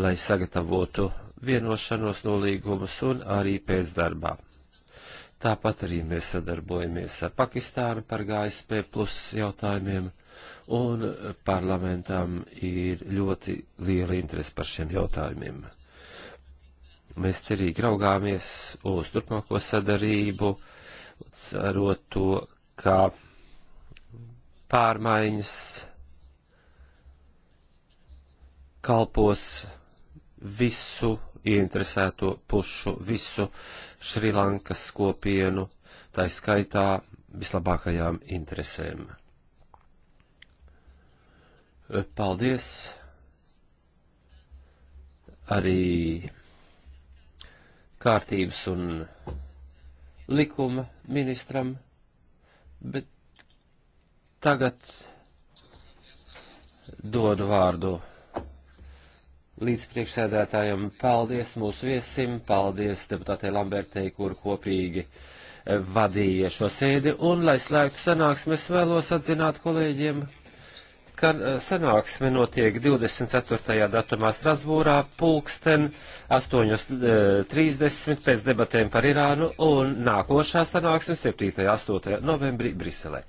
lai sagatavotu vienošanos nolīgumus un arī pēcdarbā. Tāpat arī mēs sadarbojamies ar Pakistānu par GSP plus jautājumiem un parlamentam ir ļoti liela interese par šiem jautājumiem. Mēs cerīgi raugāmies uz turpmāko sadarību, cerot to, ka pārmaiņas kalpos visu ieinteresēto pušu, visu Šrilankas kopienu, tā skaitā vislabākajām interesēm. Paldies arī kārtības un likuma ministram, bet tagad dodu vārdu līdz priekšsēdētājiem. Paldies mūsu viesim, paldies deputātei Lambertei, kur kopīgi eh, vadīja šo sēdi, un, lai slēgtu sanāksmes, vēlos atzināt kolēģiem, ka eh, sanāksme notiek 24. datumā Strasbūrā pulksten 8.30 eh, pēc debatēm par Irānu un nākošā sanāksme 7. un 8. novembrī Briselē.